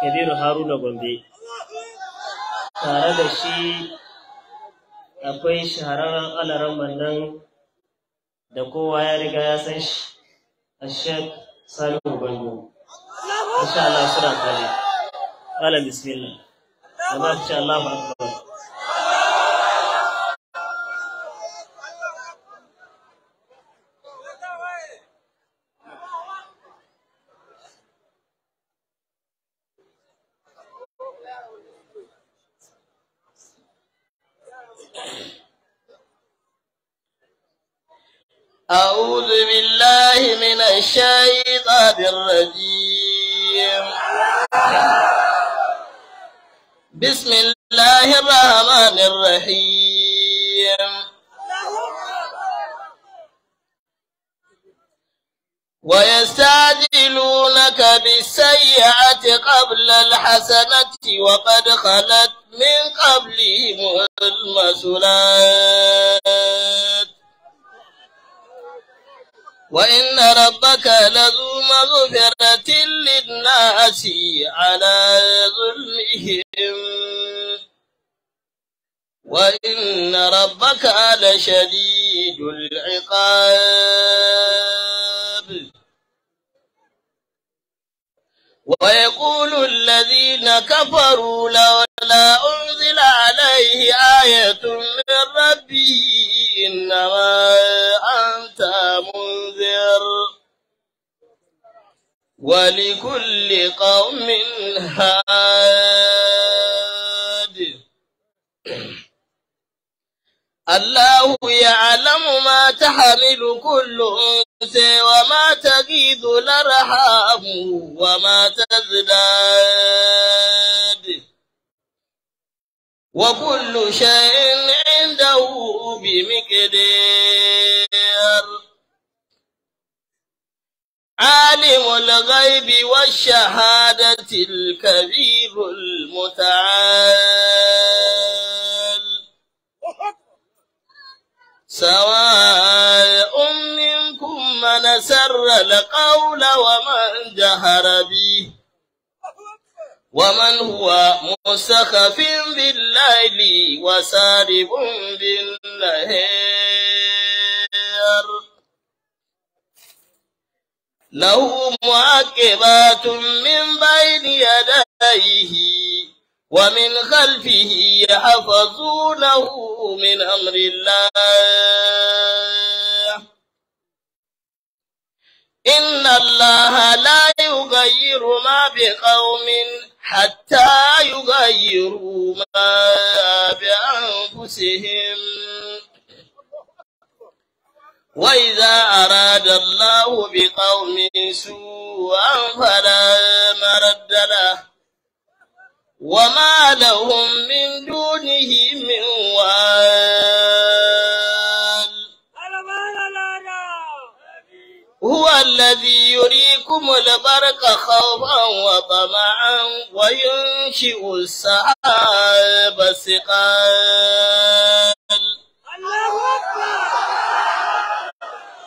kabiru haruna gombe tare da shi akwai shahararren alaran mannan da kowa ya riga ya san shi a shek salihu gombe insha Allah suna kare malam bismillah amma insha Allah ba وقد خلت من قبلهم المسلات وإن ربك لذو مغفرة للناس على ظلمهم وإن ربك لشديد العقاب ويقول الذين كفروا لولا أنزل عليه آية من ربه إنما أنت منذر ولكل قوم هاد الله يعلم ما تحمل كل وما تغيظ الأرحام وما تزداد وكل شيء عنده بمقدار عالم الغيب والشهادة الكبير المتعال سواء منكم من سر القول ومن جهر به ومن هو مستخف بالليل وسارب بالنهار له معقبات من بين يديه ومن خلفه يحفظونه من أمر الله إن الله لا يغير ما بقوم حتى يغيروا ما بأنفسهم وإذا أراد الله بقوم سوءا فلا مرد له وما لهم من دونه من وال هو الذي يريكم البرق خوفا وطمعا وينشئ السحاب الثقال الله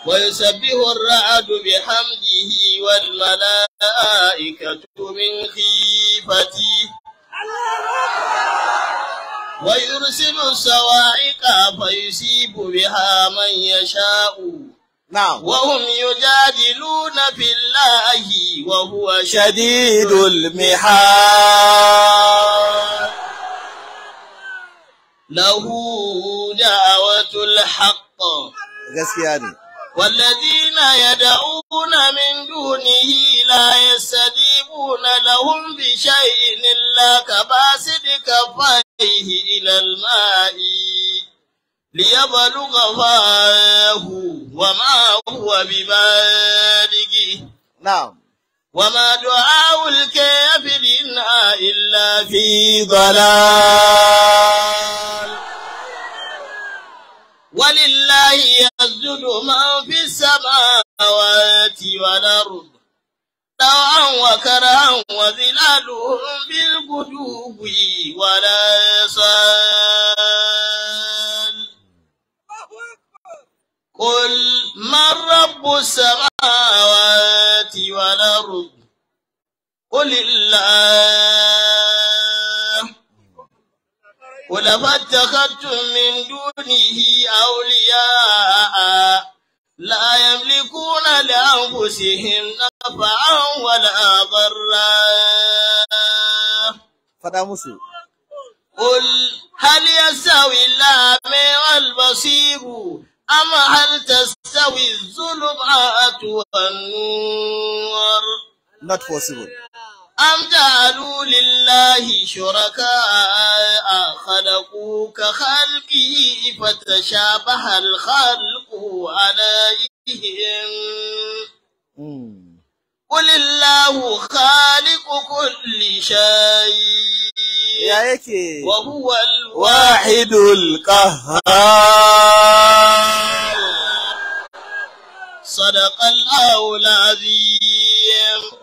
ويسبح الرعد بحمده والملائكة من خيفته ويرسل الصواعق فيصيب بها من يشاء نعم وهم يجادلون في الله وهو شديد المحال له دعوة الحق والذين يدعون من دونه لا يستجيبون لهم بشيء إلا كباسد كفيه إلى الماء ليبلغ فاه وما هو ببالغه نعم وما دعاء الكافرين إلا في ضلال ولله يسجد من في السماوات والأرض طوعا وكرها وظلالهم بالقلوب ولا يصال قل من رب السماوات والأرض قل الله ولما اتخذتم من دونه أولياء لا يملكون لأنفسهم نفعا ولا ضرا فدامسوا قل هل يستوي الأعمى والبصير أم هل تستوي الظلمات والنور Not possible. أم جعلوا لله شركاء خلقوا كخلقه فتشابه الخلق عليهم قل الله خالق كل شيء وهو الواحد القهار صدق الله العظيم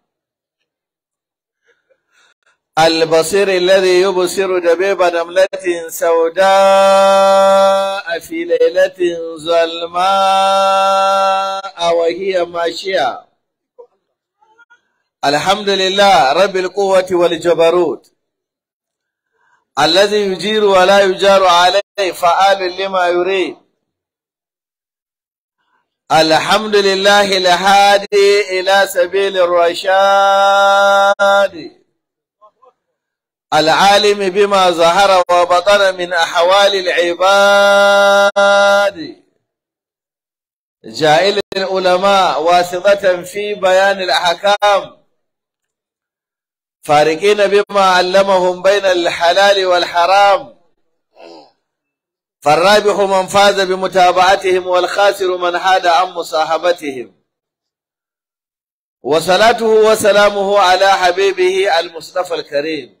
البصير الذي يبصر جبيب نملة سوداء في ليلة ظلماء وهي ماشية الحمد لله رب القوة والجبروت الذي يجير ولا يجار عليه فعال لما يريد الحمد لله الهادي إلى سبيل الرشاد العالم بما ظهر وبطن من أحوال العباد جائل العلماء واسطة في بيان الأحكام فارقين بما علمهم بين الحلال والحرام فالرابح من فاز بمتابعتهم والخاسر من حاد عن مصاحبتهم وصلاته وسلامه على حبيبه المصطفى الكريم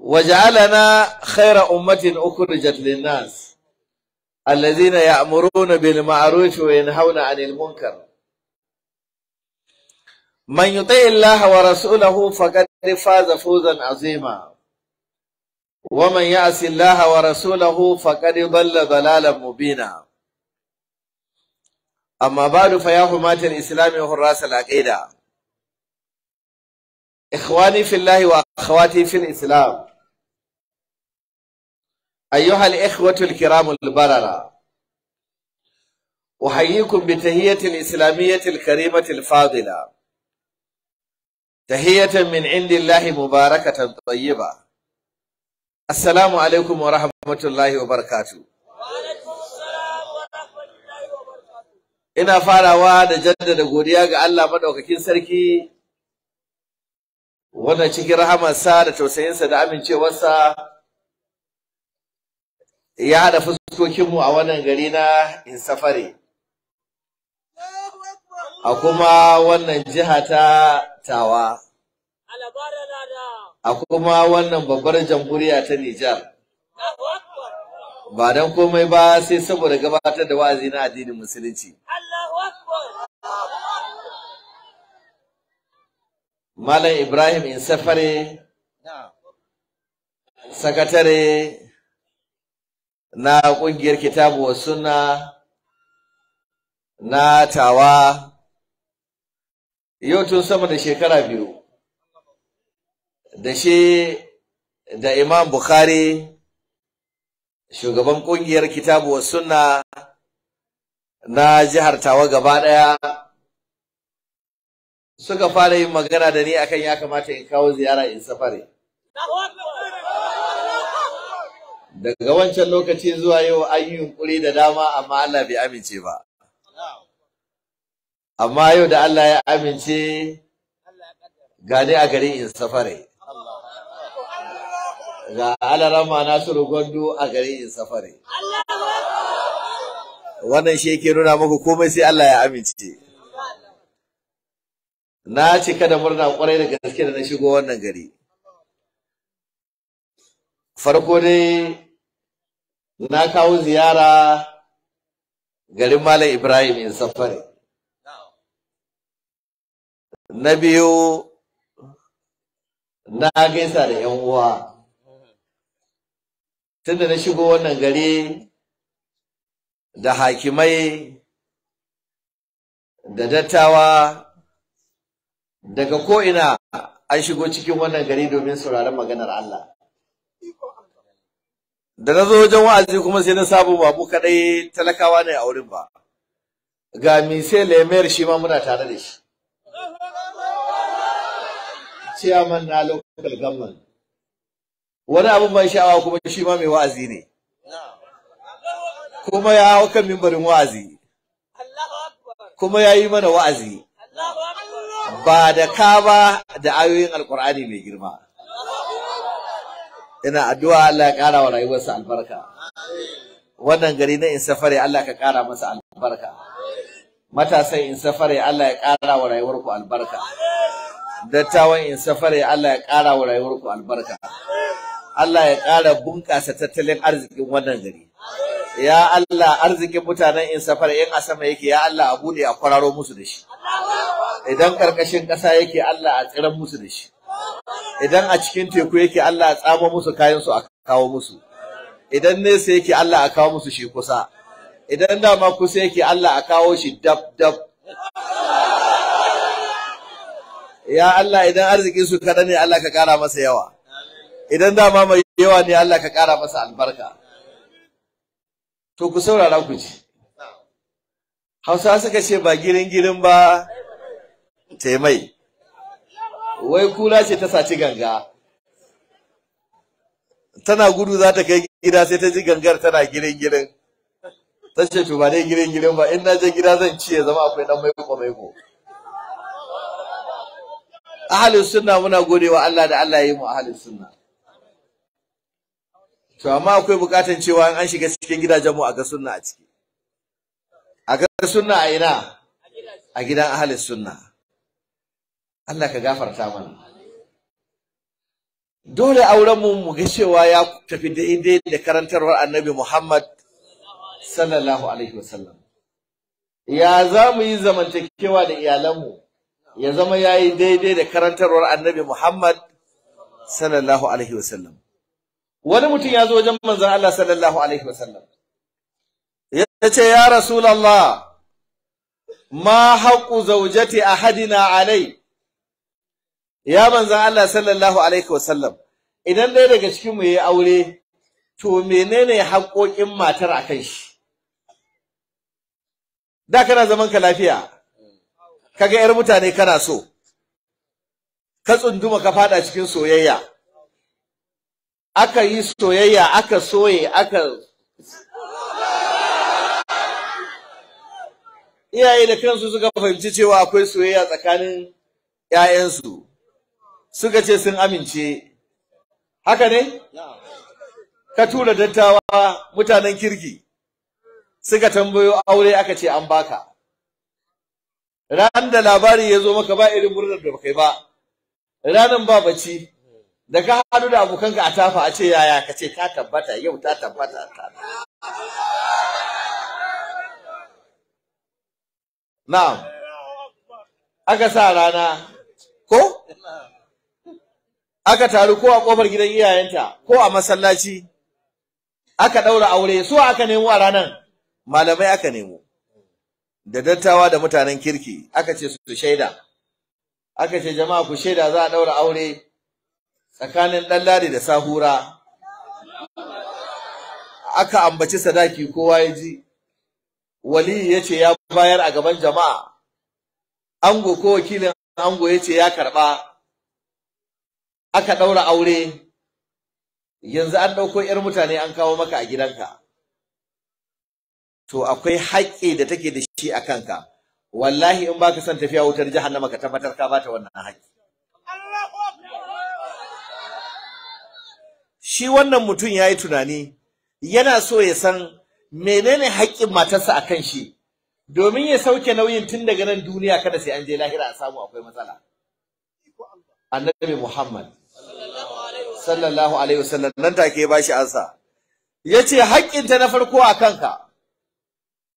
وجعلنا خير أمة أخرجت للناس الذين يأمرون بالمعروف وينهون عن المنكر من يطع الله ورسوله فقد فاز فوزا عظيما ومن يعص الله ورسوله فقد ضل ضلالا مبينا أما بعد فيا مات الإسلام الرأس العقيدة إخواني في الله وأخواتي في الإسلام أيها الإخوة الكرام البررة أحييكم بتهية الإسلامية الكريمة الفاضلة تهية من عند الله مباركة طيبة السلام عليكم ورحمة الله وبركاته ina farawa da jaddada godiya ga Allah madaukakin sarki wannan cikin rahamarsa da tausayinsa da amincewarsa ya haɗa fuskokinmu a wannan gari na Insafare. A kuma wannan jiha ta Tawa. A kuma wannan babbar jamhuriya ta Nijar. Ba don komai ba sai saboda gabatar da wa'azi na addinin Musulunci. Malam Ibrahim in safare sakatare na ƙungiyar kitabu wa sunna na tawa yau tun sama da shekara biyu da shi da Imam Bukhari shugaban ƙungiyar kitabu wa sunna na jihar tawa gaba ɗaya suka fara yin magana da ni akan ya kamata in kawo ziyara in safare daga wancan lokaci zuwa yau an yi yunkuri da dama amma Allah bai amince ba amma yau da Allah ya amince gane a garin in safare ga alarama Nasiru Gondo a garin in safare wannan shi yake nuna muku komai sai Allah ya amince na cika da murna kwarai da gaske da na shigo wannan gari farko dai na kawo ziyara garin malam ibrahim in safari na biyu na gaisa da yan uwa tunda na shigo wannan gari da hakimai da dattawa daga ko'ina an shigo cikin wannan gari domin sauraron maganar Allah. Da na zo wajen wa'azi kuma sai na sabu ba mu kaɗai talakawa ne a wurin ba. Ga Mise Lemer shi ma muna tare da shi. Ciyaman na local government. Wani abin ban sha'awa kuma shi ma mai wa'azi ne. Kuma ya hau kan mimbarin wa'azi. Kuma ya yi mana wa'azi. ba da ka ba da ayoyin alkur'ani mai girma ina addu'a Allah ya ƙara wa rayuwarsa albarka wannan gari na safare Allah ka ƙara masa albarka matasan safare Allah ya ƙara wa rayuwarku albarka dattawan safare Allah ya ƙara wa rayuwarku albarka Allah ya ƙara bunƙasa tattalin arzikin wannan gari ya Allah arzikin mutanen insafare in a sama yake ya Allah a bude a kwararo musu da shi idan karkashin ƙasa yake Allah a tsiran musu da shi idan a cikin teku yake Allah a tsamo musu kayan su a kawo musu idan nesa yake Allah a kawo musu shi kusa idan dama kusa yake Allah a kawo shi dab dab ya Allah idan arzikin su kada ne Allah ka kara masa yawa idan dama mai yawa ne Allah ka kara masa albarka to ku saurara ku ji Hausa suka ce ba girin girin ba taimai wai kula ce ta saci ganga tana gudu za ta kai gida sai ta ji gangar tana girin girin ta ce to ba dai girin girin ba in na je gida zan ci ya zama akwai dan mai ko ahalin sunna muna godewa Allah da Allah ya yi mu ahalin sunna to amma akwai bukatan cewa an shiga cikin gidajen mu a ga sunna a ciki a ga sunna a ina a gidan ahalin sunna Allah ka gafarta mana dole auren mu ga cewa ya tafi daidai da karantarwar annabi Muhammad sallallahu alaihi wasallam ya za mu yi zamantakewa da iyalanmu ya zama ya yi daidai da karantarwar annabi Muhammad sallallahu alaihi wasallam wani mutum ya zo wajen manzon Allah sallallahu alaihi wasallam ya ce ya rasulallah ma haƙu zaujati ahadina alai ya manzan Allah sallallahu alaihi wasallam idan dai daga cikin mu yayi aure to menene haƙoƙin matar akan shi da kana zaman ka lafiya kaga yar mutane kana so ka tsunduma ka fada cikin soyayya aka yi soyayya aka soye aka iyaye da kansu suka fahimci cewa akwai soyayya tsakanin 'ya'yansu suka ce sun amince haka ne ka tura dattawa mutanen kirki suka tambayo aure aka ce an baka Ranar da labari ya zo maka ba irin murnar da kai ba ranar ba bacci da ka hadu da abokanka a tafa a ce yaya ka ce ta tabbata yau ta tabbata ta na'am aka sa rana ko aka taru ko a kofar gidan iyayenta ko a masallaci aka daura aure su aka nemo a ranar malamai aka nemo da dattawa da mutanen kirki aka ce su shaida aka ce jama'a ku shaida za a daura aure tsakanin ɗanladi da sahura aka ambaci sadaki kowa ya ji wali ya ce ya bayar a gaban jama'a ango ko wakilin ango ya ce ya karɓa aka ɗaura aure yanzu an ɗauko ‘yar mutane an kawo maka a gidanka to akwai haƙƙi da take da shi a kanka wallahi in baka son tafiya wutar jahannama ka tabbatar ka bata wannan haƙƙi shi wannan mutum yayi tunani yana so ya san menene haƙƙin matarsa a kan shi domin ya sauke nauyin tun daga nan duniya kada sai an je lahira a samu akwai matsala annabi muhammad sallallahu alaihi wasallam nan take ba shi ansa yace ta na farko a kanka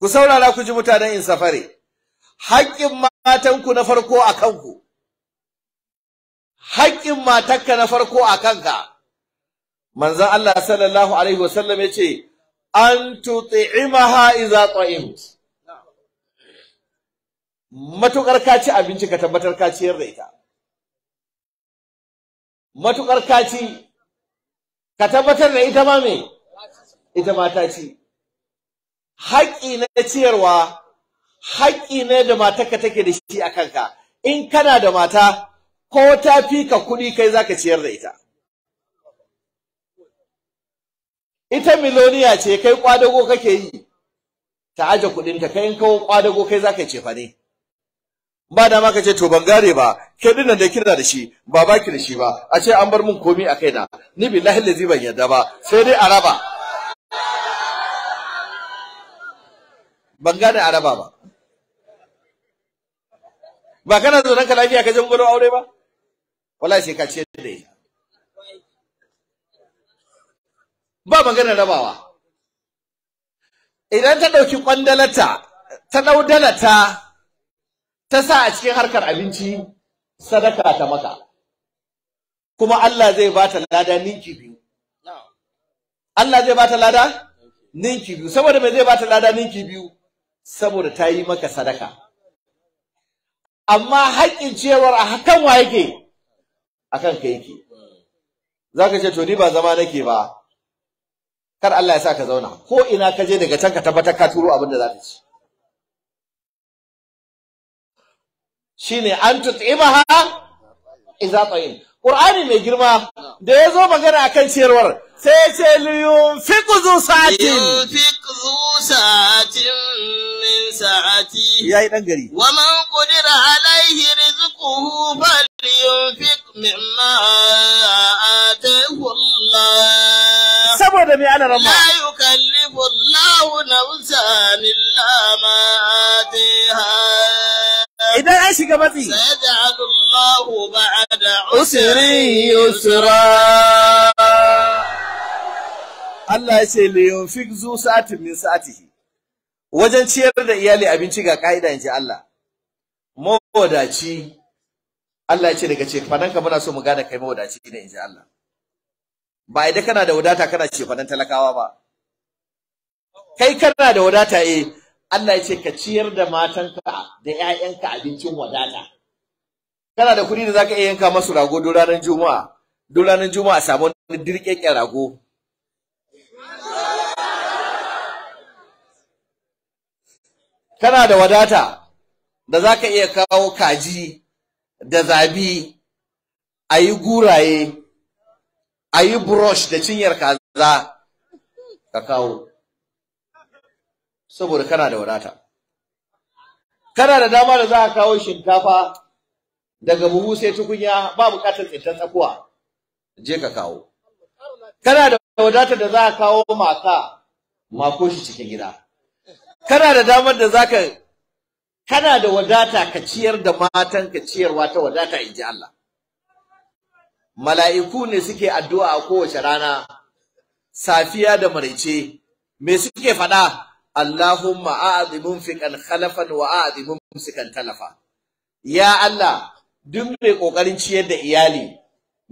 ku saurara ku ji mutanen in safare haƙƙin matanku na farko a kanku haƙƙin ka na farko a kanka manzon Allah sallallahu alaihi wasallam yace an tuti'imaha idza ta'imt matukar ka ci abinci ka tabbatar ka ciyar da ita matukar kaci ka tabbatar da ita ma me ita ma ta ci haƙƙi na ciyarwa haƙƙi ne da matarka take da shi a kanka in kana da mata ko ta fi ka kuɗi kai za ka ciyar da ita ita miloniya ce kai kwadago kake yi ta aje kuɗinta kai in kawo kwadago kai zaka ce fa ne ba da ma ka ce to ban gare ba ke dinnan da kirda da shi ba baki da shi ba a ce an bar mun komi a kaina ni billahi lazi ban yadda ba sai dai araba ban gane araba ba ba kana zo ranka lafiya ka jin gudu aure ba wallahi sai ka ce da ita ba magana rabawa idan ta dauki kwandalata ta daudalata ta sa a cikin harkar abinci sadaka ta maka kuma Allah zai ba ta lada ninki biyu Allah zai ba ta lada ninki biyu saboda me zai ba ta lada ninki biyu saboda ta yi maka sadaka amma haƙƙin cewar a hakan wa yake akan ka yake zaka ce to ni ba zama nake ba kar Allah ya sa ka zauna ko ina ka je daga can ka tabbatar ka turo abin da za ta ci shine an tut'imaha idza ta'in Qur'ani mai girma da ya zo magana akan ciyarwar sai ya ce liyun zu sa'atin yunfiq zu sa'atin min sa'ati yayi dan gari wa man qadira alaihi rizquhu fal yunfiq mimma ataahu Allah saboda me ana rama la yukallifu Allah nafsan illa ma ataaha idan an shiga matsi sayaj'alullahu yusra Allah ya ce li yunfiq zu sa'atin min sa'atihi wajen ciyar da iyali abinci ga ka'ida ji Allah mawadaci Allah ya ce daga ce fadanka muna so mu gane kai mawadaci ne ji Allah ba idan kana da wadata kana ce fadan talakawa ba kai kana da wadata eh Allah ya ce ka ciyar da matanka da 'ya'yanka abincin wadata kana da kuɗi da zaka iya yanka masu rago don ranar juma'a sabon ranar juma'a samu wani rago kana da wadata da za ka iya kawo kaji da zabi a yi guraye a yi brush da cinyar kaza ka kawo saboda kana da wadata kana da dama da za ka kawo shinkafa daga buhu sai tukunya ba bukatar tsintar tsakuwa je ka kawo kana da wadata da za ka kawo maka mako shi cikin gida kana da damar da za ka kana da wadata ka ciyar da matan ka ciyarwa ta wadata in ji Allah mala'iku ne suke addu'a a kowace rana safiya da maraice me suke faɗa Allahumma a'adhi munfiqan khalafan wa a'adhi mumsikan talafa ya Allah duk mai kokarin ciyar iyali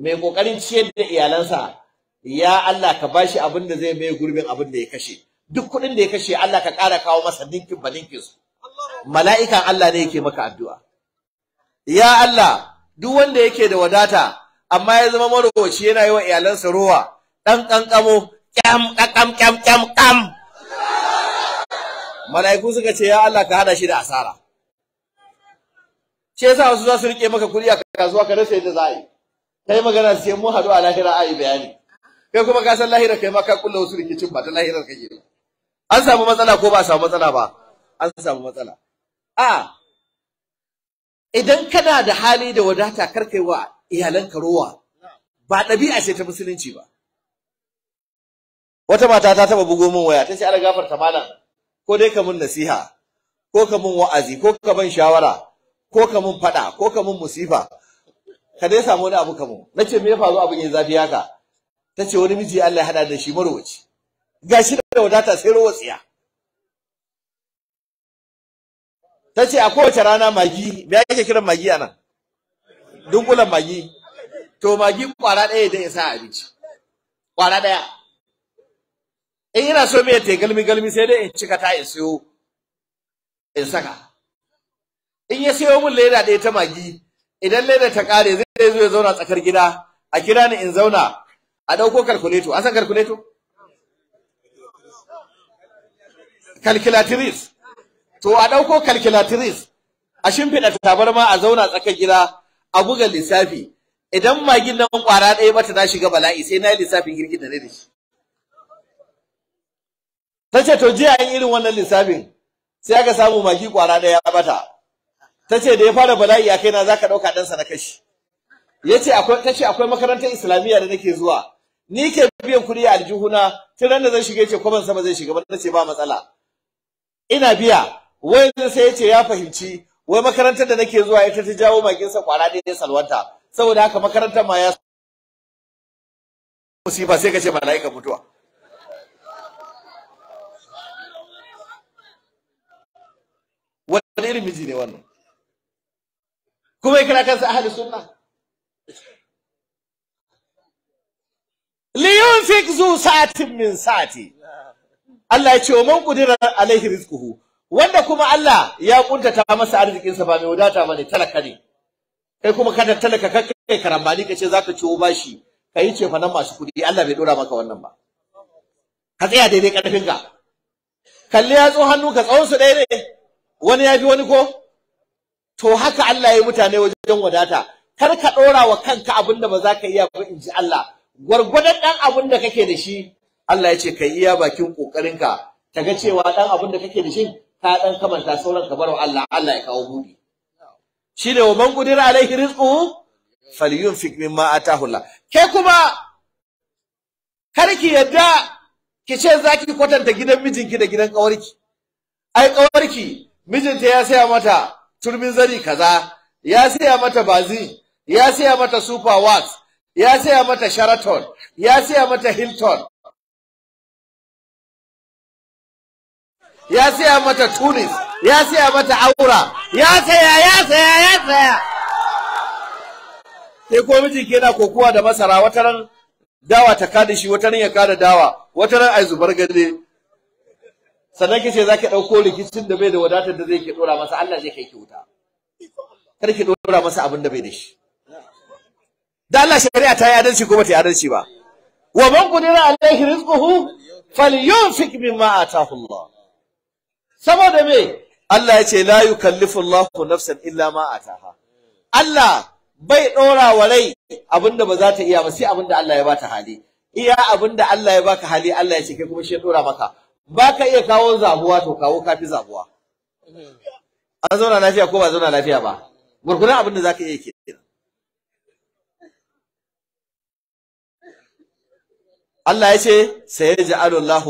mai kokarin ciyar da iyalansa ya Allah ka bashi abin da zai mai gurbin abin ya kashe duk kuɗin da ya kashe Allah ka ƙara kawo masa dinkin ba dinkin mala'ikan Allah ne yake maka addu'a ya Allah duk wanda yake da wadata amma ya zama marowaci yana yi wa iyalansa rowa dan kankamo kyam kakam kyam kyam mala'iku suka ce ya Allah ka hada shi da asara ce yasa wasu za su rike maka kuɗi kasuwa ka rasa yadda za a yi kai magana ce mun hadu a lahira a yi bayani kai kuma ka san lahira kai ma ka kulla wasu rikicin ba ta lahirar kake ba an samu matsala ko ba a samu matsala ba an samu matsala a idan kana da hali da wadata kar kai wa iyalanka rowa ba ɗabi'a ce ta musulunci ba wata mata ta taɓa bugo min waya ta ce ana gafarta malam ko dai ka mun nasiha ko ka mun wa'azi ko ka shawara ko ka mun fada ko ka mun musifa ka dai samu wani abu ka mun nace me ya faru abin yin zafi haka tace wani miji Allah ya hada da shi marwaci gashi da wadata sai rowatsiya tace a kowace rana magi me yake kiran magi anan dunkulan magi to magi kwara daya da ya sa abinci kwara daya in yana so mai ta galmi galmi sai dai in cika ta in siyo in saka in ya siyo min leda ɗaya ta magi idan leda ta kare zai zo ya zauna tsakar gida a kira ni in zauna a ɗauko kalkuleto an san kalkuleto calculatrice to a ɗauko calculatrice a shimfiɗa tabarma a zauna tsakar gida a buga lissafi idan magin nan kwara ɗaya bata ta shiga bala'i sai na yi lissafin girgin da ne da shi ta ce to jiya yin irin wannan lissafin sai aka samu maki kwara daya ya bata ta ce da ya fara bala'i a kaina za ka ɗauka ɗansa na kashi ya ce ta ce akwai makarantar islamiyya da nake zuwa ni ke biyan kuɗi a aljihuna tun ran da zan shiga ce kwaban sama zai shiga ba ta ce ba matsala ina biya wai sai ya ce ya fahimci wai makarantar da nake zuwa ita ta jawo sa kwara ɗaya salwanta saboda haka makarantar ma ya musifa sai ka ce mala'ika mutuwa wani irin miji ne wannan kuma ya kira kansa ahli sunna fik zu sa'atin min sa'ati Allah ya ce wa man qudira alaihi rizquhu wanda kuma Allah ya kuntata masa arzikin sa ba mai wadata bane talaka ne kai kuma kada talaka kai karambani kace zaka ciwo bashi kai ce fa nan masu kudi Allah bai dora maka wannan ba ka tsaya daidai karfin ka kalli ya tso hannu ka tsawon su daidai wani ya bi wani ko to haka Allah ya mutane wajen wadata kar ka ɗora wa kanka abin da ba za ka iya ba in ji Allah gwargwadon ɗan abin da kake da shi Allah ya ce ka iya bakin ƙoƙarinka ta ga cewa ɗan abin da kake da shi ka ɗan kamanta sauran ka barwa Allah Allah ya kawo buɗi shi ne wa man qudira alaihi rizqu falyunfik mimma atahu Allah ke kuma kar ki yadda ki ce zaki kwatanta gidan mijinki da gidan kawarki ai kawarki mijinta ya saya mata turmin zari kaza ya saya mata bazi ya saya mata super wax ya saya mata sheraton ya saya mata hilton ya saya mata tunis ya saya mata aura ya saya ya saya ya saya sai ko mijin ke na kokuwa da masara wataran dawa ta kada shi wataran ya kada dawa wataran ai zubar gade sannan kace zaki dauko rikicin da bai da wadatar da zai ke dora masa Allah zai kai ki wuta kar ki dora masa abin da bai da shi da Allah shari'a ta yi adalci kuma ta yi adalci ba wa man qadira alayhi rizquhu falyunfik bima ataahu Allah saboda me Allah ya ce la yukallifu Allahu nafsan illa ma ataha Allah bai dora wa rai abinda ba za ta iya ba sai abinda Allah ya bata hali iya abinda Allah ya baka hali Allah ya ce kai kuma shi ya dora maka ba ka iya kawo zabuwa to kawo kafi zabuwa an zauna lafiya ko ba zauna lafiya ba gurgunan abin da za ka iya ke Allah ya ce sai ya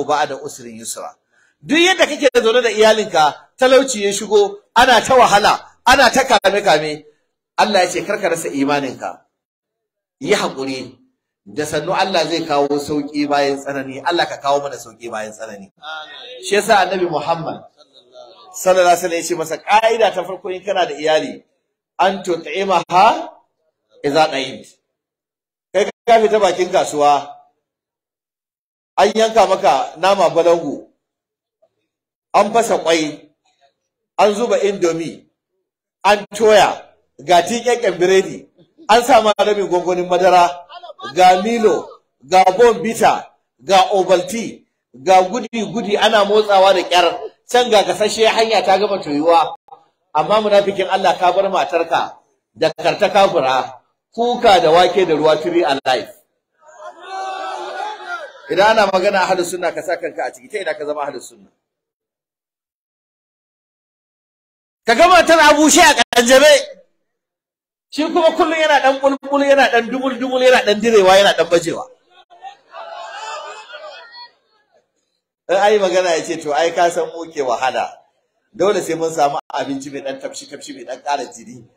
ba a da usirin yusra duk yadda kake zaune da iyalinka talauci ya shigo ana ta wahala ana ta kame kame Allah ya ce karka rasa imaninka yi hakuri da sannu Allah zai kawo sauƙi bayan tsanani Allah ka kawo mana sauki bayan tsanani shi yasa annabi Muhammad sallallahu alaihi wasallam ya ce masa ka'ida ta farko in kana da iyali an ha idza qait kai ka fita bakin kasuwa an yanka maka nama balangu an fasa kwai an zuba indomi an toya ga tinyakken biredi an sa ma rabin madara ga Milo ga Bombita ga Obalti ga gudi-gudi ana motsawa da kyar can ga kasashe hanya ta gama toyuwa amma munafikin Allah ka bar matarka da karta kafura kuka da wake da ruwa tiri a life idan ana magana ahlus suna ka sa kanka a ciki ta ina ka zama ahlus suna. ka gama tan abushe a kanjabe shi kuma kullum yana dan bulbul yana dan dubul dubul yana dan direwa yana dan bajewa in ai magana ya ce to ai ka san mu ke wahala dole sai mun samu abinci mai dan tafshi tafshi mai dan ƙara jini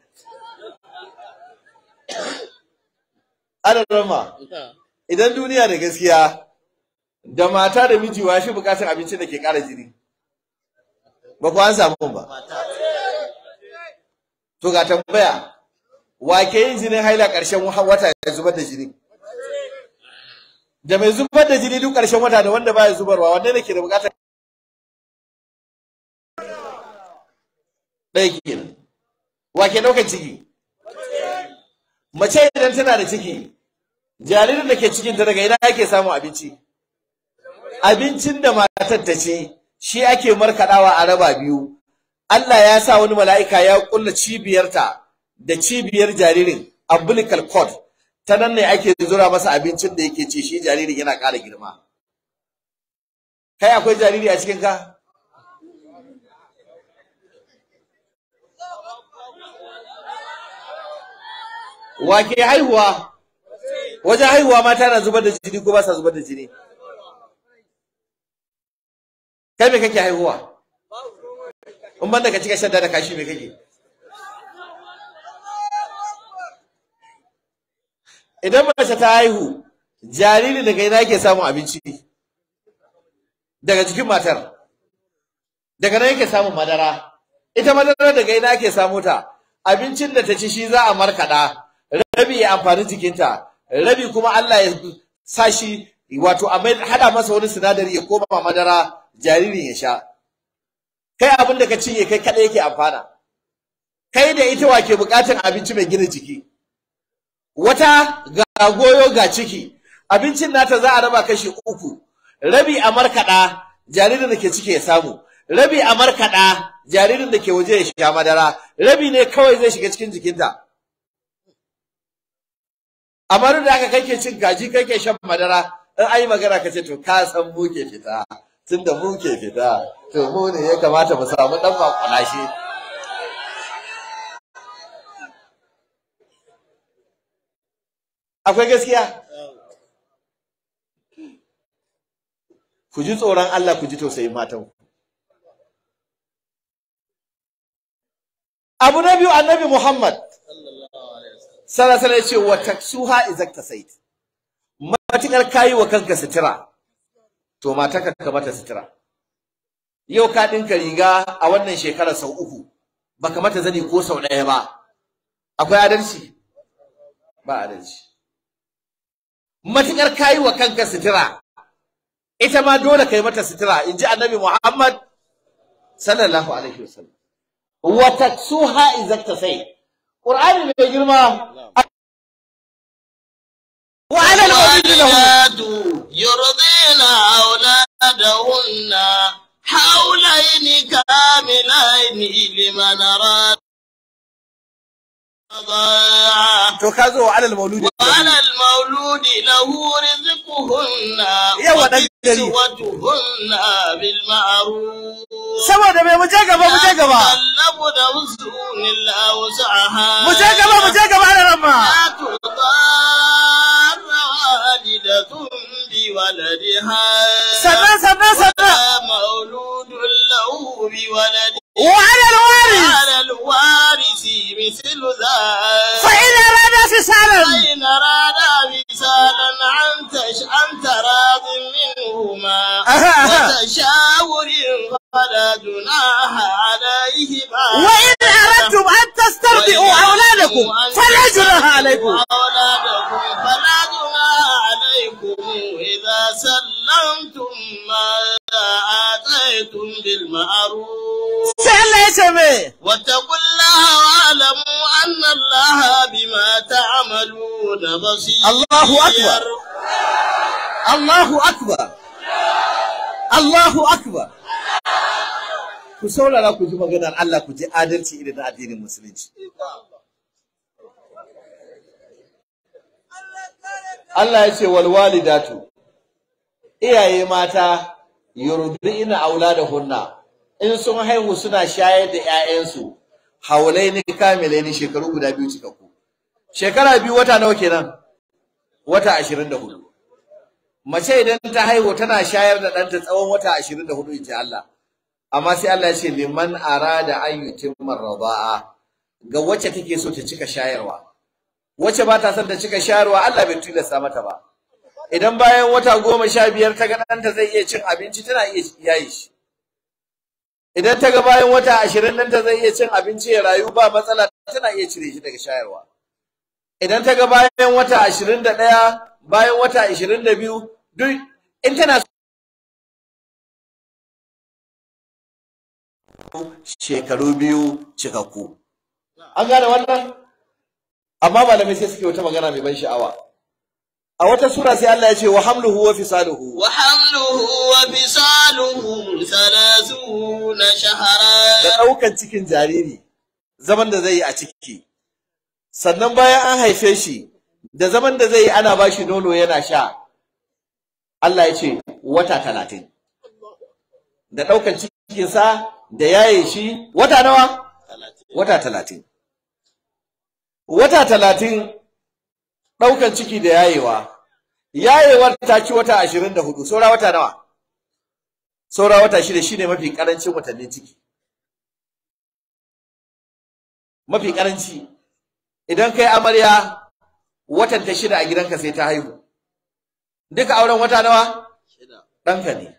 adarama idan duniya da gaskiya da mata da miji wa shi bukatar abinci da ke ƙara jini ba ku an samu ba to ga tambaya wake yin jinin haila ƙarshen wata ya zubar da jini da mai zubar da jini duk ƙarshen wata da wanda baya zubarwa wanda ne ke da buƙatar ɗaya kenan wake ɗaukar ciki mace idan tana da ciki jaririn da ke cikinta daga ina ake samun abinci abincin da matar ta ce shi ake markaɗawa a raba biyu Allah ya sa wani mala'ika ya ƙulla cibiyarta da cibiyar jaririn umbilical cord ta nan ne ake zura masa abincin da yake ci shi jaririn yana ƙara girma kai akwai jariri a cikin ka wake haihuwa wajen haihuwa mata na zubar da jini ko ba sa zubar da jini kai me kake haihuwa in ban daga ka cika shadda da kashi me kake idan mace ta haihu jariri daga ina yake samun abinci daga jikin matar daga nan yake samun madara ita madara daga ina yake samu ta abincin da ta ci shi za a markada rabi ya amfani jikinta rabi kuma Allah ya sa shi wato a hada masa wani sinadari ya koma madara jaririn ya sha kai abin da ka cinye kai kada yake amfana kai da ita wa ke bukatun abinci mai gina jiki wata ga goyo ga ciki abincin nata za a raba kashi uku rabi a markaɗa jaririn da ke ciki ya samu rabi a markaɗa jaririn da ke waje ya sha madara rabi ne kawai zai shiga cikin jikinta amma duk da aka kai ke cin gaji kai ke shan madara in ai magana ka ce to ka san mu ke fita tunda mu ke fita to mu ne ya kamata mu samu dan shi. akwai gaskiya ku ji tsoron Allah ku ji tausayin matan abu na biyu annabi Muhammad sallallahu alaihi ce wa taksuha izakta said matakar kayi wa kanka sutura, to matarka ka mata sutura. yau ka dinka riga a wannan shekarar sau uku baka mata zani ko sau ɗaya ba akwai adalci ba adalci matukar kayi wa kanka sitira ita ma dole kai mata sitira inji annabi Muhammad sallallahu alaihi wasallam wa taksuha idza tasai qur'ani mai girma wa ala al da yurdina awladahunna hawlaini kamilaini liman تكازو على المولود وعلى المولود له رزقهن وكسوتهن بالمعروف saboda mai muje gaba muje gaba labu da usun illa wasaha muje gaba muje gaba da ramma sannan sannan sannan mauludun lahu bi waladi وعلى الوارث وعلى الوارث مثل ذلك فإن أراد فصالا فإن أراد فصالا عن تش عن تراض منهما وتشاور فلا جناح عليهما وإن akbar Allahu akbar Allahu akbar ku saurara ku ji maganar Allah ku ji adalci irin na addinin musulunci Allah ya ce wal walidatu iyaye mata yurdina auladahunna in sun haihu suna shayar da ƴaƴansu haulaini ne shekaru guda biyu cikakku shekara biyu wata nawa kenan wata ashirin da hudu, mace idan ta haihu tana shayar da ɗanta tsawon wata ashirin da in inji Allah amma sai Allah ya ce liman arada an yutimma radaa ga wacce take so ta cika shayarwa wacce ba ta son ta cika shayarwa Allah bai tilasta mata ba idan bayan wata goma sha biyar ta ga ɗanta zai iya cin abinci tana iya yayi shi idan ta ga bayan wata ashirin ɗanta zai iya cin abinci ya rayu ba matsala tana iya cire shi daga shayarwa idan ta ga bayan wata ashirin da ɗaya bayan wata ashirin da biyu duk in tana shekaru biyu cikakku an gane wannan amma malamai sai suke wata magana mai ban sha'awa a wata sura sai Allah ya ce wa hamluhu wa fisaluhu wa hamluhu wa fisaluhu thalathuna shahara da daukan cikin jariri zaman da zai yi a ciki sannan bayan an haife shi da zaman da zai yi ana bashi nono yana sha Allah ya ce wata talatin da ɗaukar cikinsa da yaye shi wata nawa wata talatin wata talatin ɗaukar ciki da yayewa yayewar ta ci wata ashirin da hudu saura wata nawa saura wata shida ne mafi ƙarancin watannin ciki mafi ƙaranci idan kai amarya watan ta shida a gidanka sai ta haihu duka auren wata nawa ɗanka ne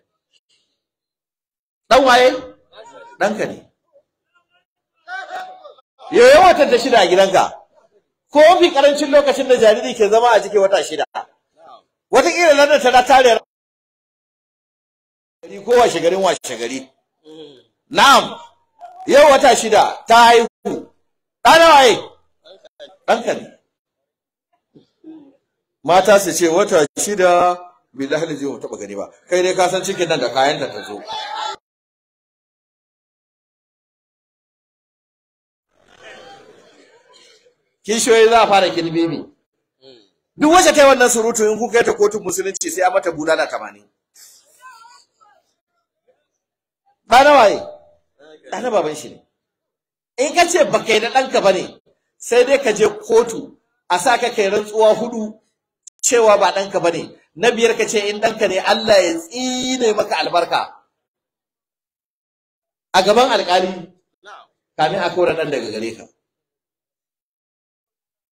ɗan waye ɗanka ne yoyo watan ta shida a gidanka ko fi ƙarancin lokacin da jariri ke zama a cikin wata shida wataƙila ladar ta na tare ko washe garin washe gari mm. na'am yau wata shida ta haihu ɗana waye ɗanka mata su ce wata shida billahi lazi mu taɓa gani ba kai dai ka san cikin nan da kayanta ta zo kishiyoyi za a fara kilbe ne duk wacce ta yi wannan surutu in kuka yi ta kotun musulunci sai a mata bulala tamanin ba na waye ɗana baban shi ne in ka ce baka yi na ɗanka ba ne sai dai ka je kotu a sa ka kai rantsuwa hudu cewa ba ɗanka ba ne na biyar ka ce in ɗanka ne Allah ya tsine maka albarka a gaban alƙali kamin a kora ɗan daga gare ka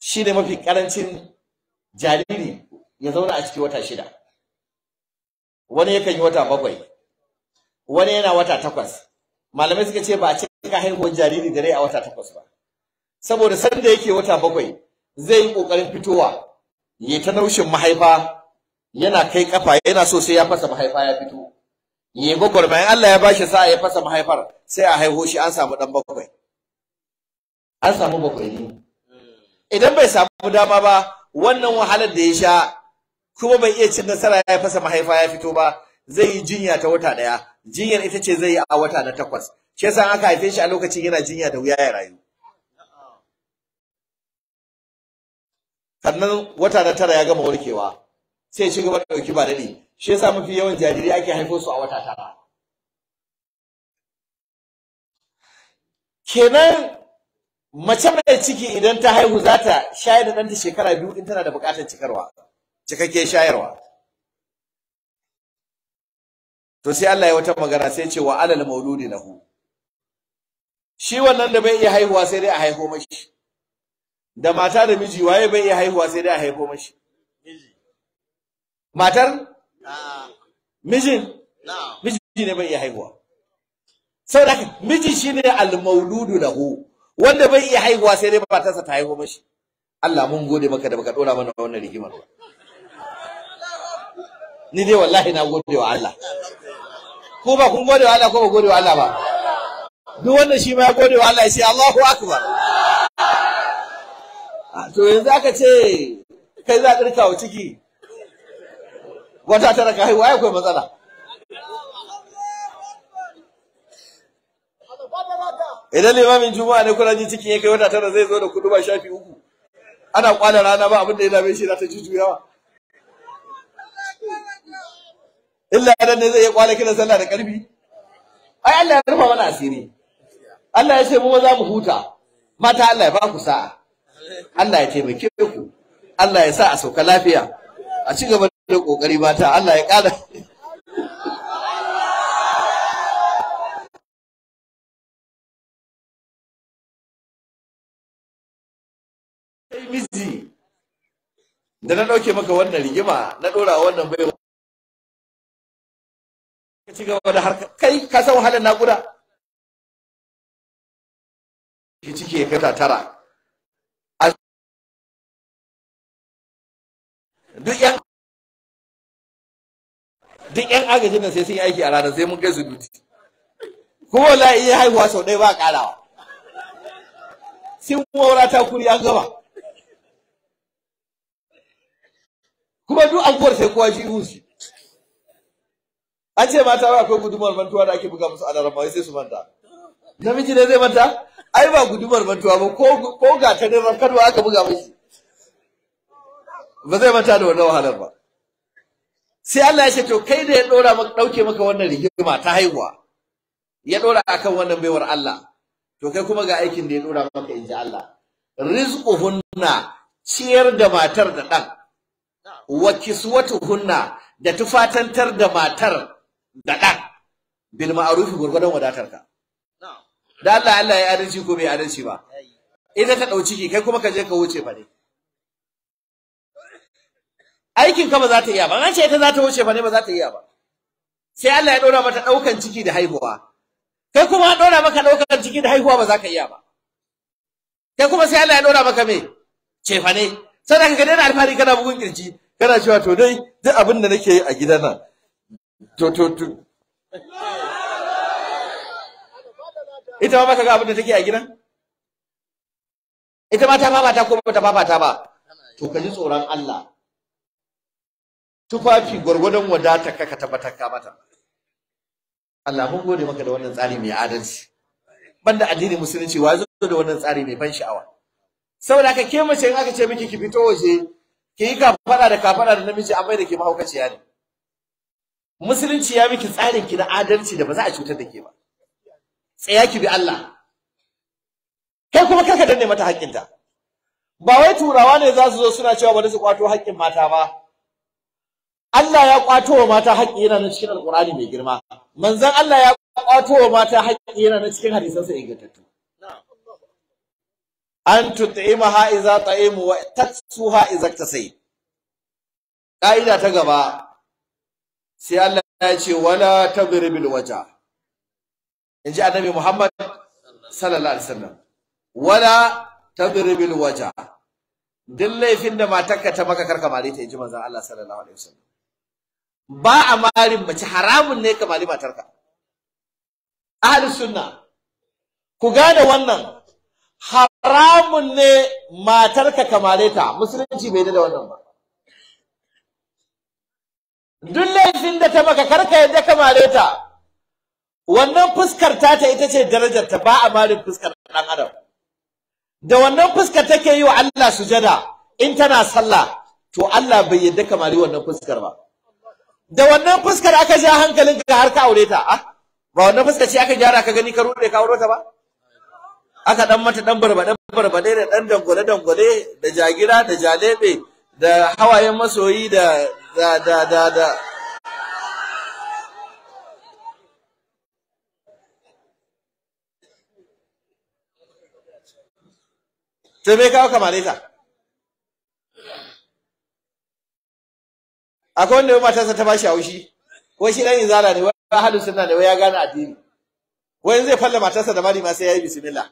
shi ne mafi ƙarancin jariri ya zauna a ciki wata shida wani yakan yi wata bakwai wani yana wata takwas malamai suka ce ba a ce ka haihuwar jariri da rai a wata takwas ba saboda sanda yake wata bakwai zai yi kokarin fitowa ya ta naushin mahaifa yana kai kafa yana so sai ya fasa mahaifa ya fito ya gogor bayan Allah ya bashi sa'a ya fasa mahaifar sai a haihu shi an samu dan bakwai an samu bakwai ne idan bai samu dama ba wannan wahalar da ya sha kuma bai iya cin nasara ya fasa mahaifa ya fito ba zai yi jinya ta wata daya jinyar ita ce zai yi a wata na takwas shi yasa aka haife shi a lokacin yana jinya da wuya ya rayu sannan wata na tara ya gama warkewa sai ci gaba dauki ba dade shi yasa mafi yawan jariri ake haifo su a wata tara kenan mace mai ciki idan ta haihu za ta shayar da ɗanta shekara biyu in tana da buƙatar cikarwa cikakke shayarwa to sai Allah ya wata magana sai ce wa alal mauludi lahu shi wannan da bai iya haihuwa sai dai a haihu mashi da mata da miji waye bai iya haihuwa sai dai a haifo mashi matar mijin miji ne bai iya haihuwa sau da miji ne almauludu mauludu hu wanda bai iya haihuwa sai dai matarsa ta haifo mashi Allah mun gode maka da baka dora mana wannan rigimar ba ni dai wallahi na gode wa Allah ko ba kun gode wa Allah ko ba gode wa Allah ba duk wanda shi ma ya gode wa Allah ya ce Allahu akbar Ah, to yanzu aka ce kai za ka rika wa ciki wata tara ka haihuwa akwai matsala idan limamin juma'a ne kuna ji cikin ya kai wata tara zai zo da kudu ba shafi uku ana kwana rana ba abin da ya dame shi na ta jujjuyawa illa dan ne zai iya kwana kina sallah da ƙarfi? ai Allah ya rufa mana asiri Allah ya ce mu za mu huta mata Allah ya ba ku sa'a Allah ya taimake ku Allah ya sa a sauka lafiya a ci gaba da kokari mata Allah ya ƙara miji da na dauke maka wannan rigima na ɗora wannan bai ka ci gaba da harka kai ka san wahalar naƙuda ki cike ka tara duk yan duk yan agajin nan sai sun yi aiki a ranar sai mun kai su duti kuma wallahi iya haihuwa sau ɗaya ba karawa sai kuma wura ta kuri an gaba kuma duk an sai kowa shi husi an ce mata wai akwai gudumar mantuwa da ake buga musu alarma sai su manta namiji ne zai manta ai ba gudumar mantuwa ba ko ta neman rafkarwa aka buga musu ba zai manta da wannan wahalar ba sai Allah ya ce to kai da ya dora maka dauke maka wannan rigima ta haihuwa ya dora akan wannan baiwar Allah to kai kuma ga aikin da ya dora maka inji Allah rizquhunna ciyar da matar da dan wa kiswatuhunna da tufatantar da matar da dan bil ma'ruf gurgurdan wadatarka da Allah Allah ya adalci ko bai adalci ba idan ka dauki kai kuma ka je ka wuce fa dai aikin ka ba za ta iya ba ran ce ita za ta wuce ba ne ba za ta iya ba sai Allah ya dora mata daukan ciki da haihuwa kai kuma dora maka daukan ciki da haihuwa ba za ka iya ba kai kuma sai Allah ya dora maka me ce fa ne sai ka daina alfari kana bugun kirji kana cewa to dai duk abin da nake yi a gidana to to to ita ma baka ga abin da take a gidan ita ma ta fafata ko ba ta fafata ba to ka ji tsoron Allah tufafi gwargwadon wadata ka ka tabbatar ka mata Allah mun gode maka da wannan tsari mai adalci banda addinin musulunci wa zo da wannan tsari mai ban sha'awa saboda ka ke mace in aka ce miki ki fito waje ki yi kafada da kafada da namiji bai da ke mahaukaciya ne musulunci ya miki tsarin ki na adalci da ba za a cutar da ke ba tsaya ki bi Allah kai kuma kanka danne mata haƙƙinta ba wai turawa ne za su zo suna cewa ba da su kwato haƙƙin mata ba Allah ya kwato wa mata haƙƙi yana na cikin Alƙur'ani mai girma manzon Allah ya kwato wa mata haƙƙi yana na cikin hadisansa ingantattu an tut'imaha idza ta'imu wa taksuha idza tasai ƙa'ida ta gaba sai Allah ya ce wala tadribil waja inji annabi Muhammad sallallahu alaihi wasallam wala tadribil waja duk laifin da matarka ta maka karka mare ta inji manzon Allah sallallahu alaihi wasallam ba a marin mace haramun ne ka mali matarka ahli sunna ku gane wannan haramun ne matarka ka male ta musulunci bai da wannan ba duk laifin da ta maka karka yadda ka male ta wannan fuskar ta ta ita ce darajar ta ba a malin fuskar dan adam da wannan fuskar take yi wa Allah sujada in tana sallah to Allah bai yadda ka mali wannan fuskar ba da wannan fuskar aka ja hankalin ka har ka aure ta ah ba wannan fuskar ce aka gyara ka gani ka rude ka aure ta ba aka dan mata dan barbade barbade da dan dangole dangole da jagira da jalebe da hawayen masoyi da da da da, da. to me kawo kamare ta akwai wanda matarsa ta bashi haushi wai shi dan izala ne wai ahlus sunna ne wai ya gane addini wai zai falla matarsa da bari ma sai yayi bismillah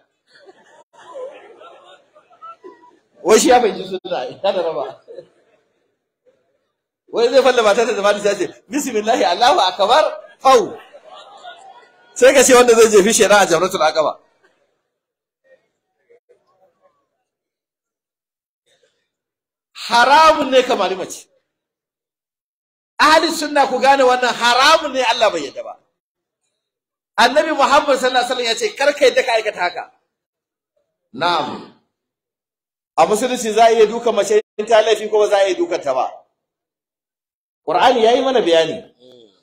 wai shi ya fahimci sunna ta da raba wai zai falla matarsa da bari sai ce bismillah Allahu akbar fau sai ka ce wanda zai jefi shari'a a jamratul aqaba haramun ne kamar mace ahli sunna ku gane wannan haramun ne Allah bai yadda ba annabi Muhammad sallallahu alaihi wasallam ya ce kar da ka aikata haka na'am a musulunci za a iya duka mace in ta laifi ko ba za a iya dukanta ba Qur'ani yayi mana bayani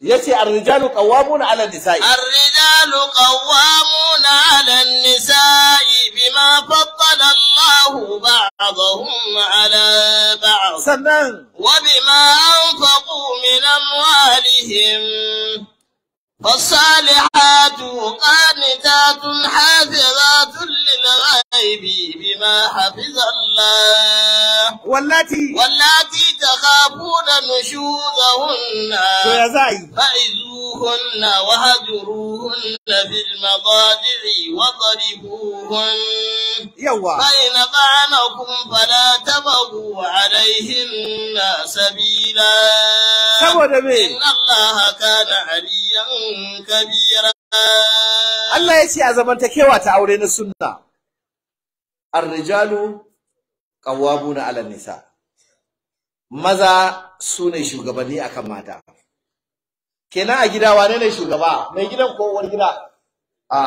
يسي الرجال قوامون على النساء الرجال قوامون على النساء بما فضل الله بعضهم على بعض سنن وبما أنفقوا من أموالهم فالصالحات قانتات حافظات للغيب بما حفظ الله واللاتي واللاتي تخافون نشوزهن فعزوهن وهجروهن في المضاجع وضربوهن يوا فإن طعنكم فلا تبغوا عليهن سبيلا إن الله كان عليا Allah كبيرا الله يتي أزمنتكيوة تعورين السنة الرجال قوامون على nisa maza su ne shugabanni akan mata kenan a gida wane ne shugaba mai gidan ko uwar gida a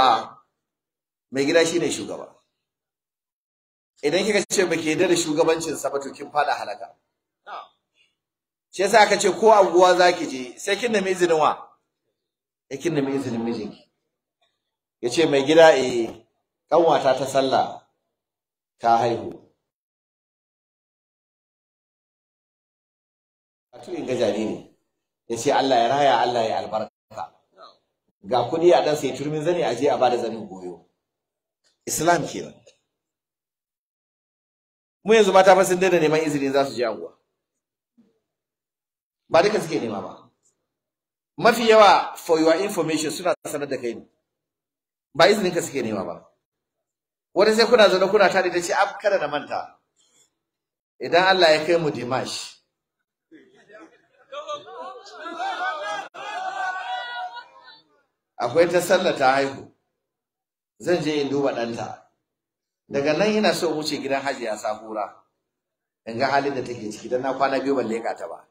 mai gida shine shugaba idan kika ce baki yarda da shugabancin sa ba to kin fada halaka shi yasa aka ce ko za zaki je sai kin nemi izinin wa ikin nemi izinin mijinki ya ce mai gida e ƙanwata ta sallah ta haihu a ga ne. ya ce Allah ya raya Allah ya albarka ga kuɗi a ɗan sai turmin zani a je a bada zanin goyo islam kenan mu yanzu mata fa sun daina neman izini za su je anguwa ba duka suke nema ba mafi yawa for your information suna sanar da kai ne ba izininka suke nema ba Wani sai kuna zaune kuna tare da shi ab kada na manta idan Allah ya kai mu Dimash akwai ta sallah ta haihu zan je in duba ɗanta daga nan ina so wuce gidan Hajiya Sahura in ga halin da take ciki dan na kwana biyu ban leka ta ba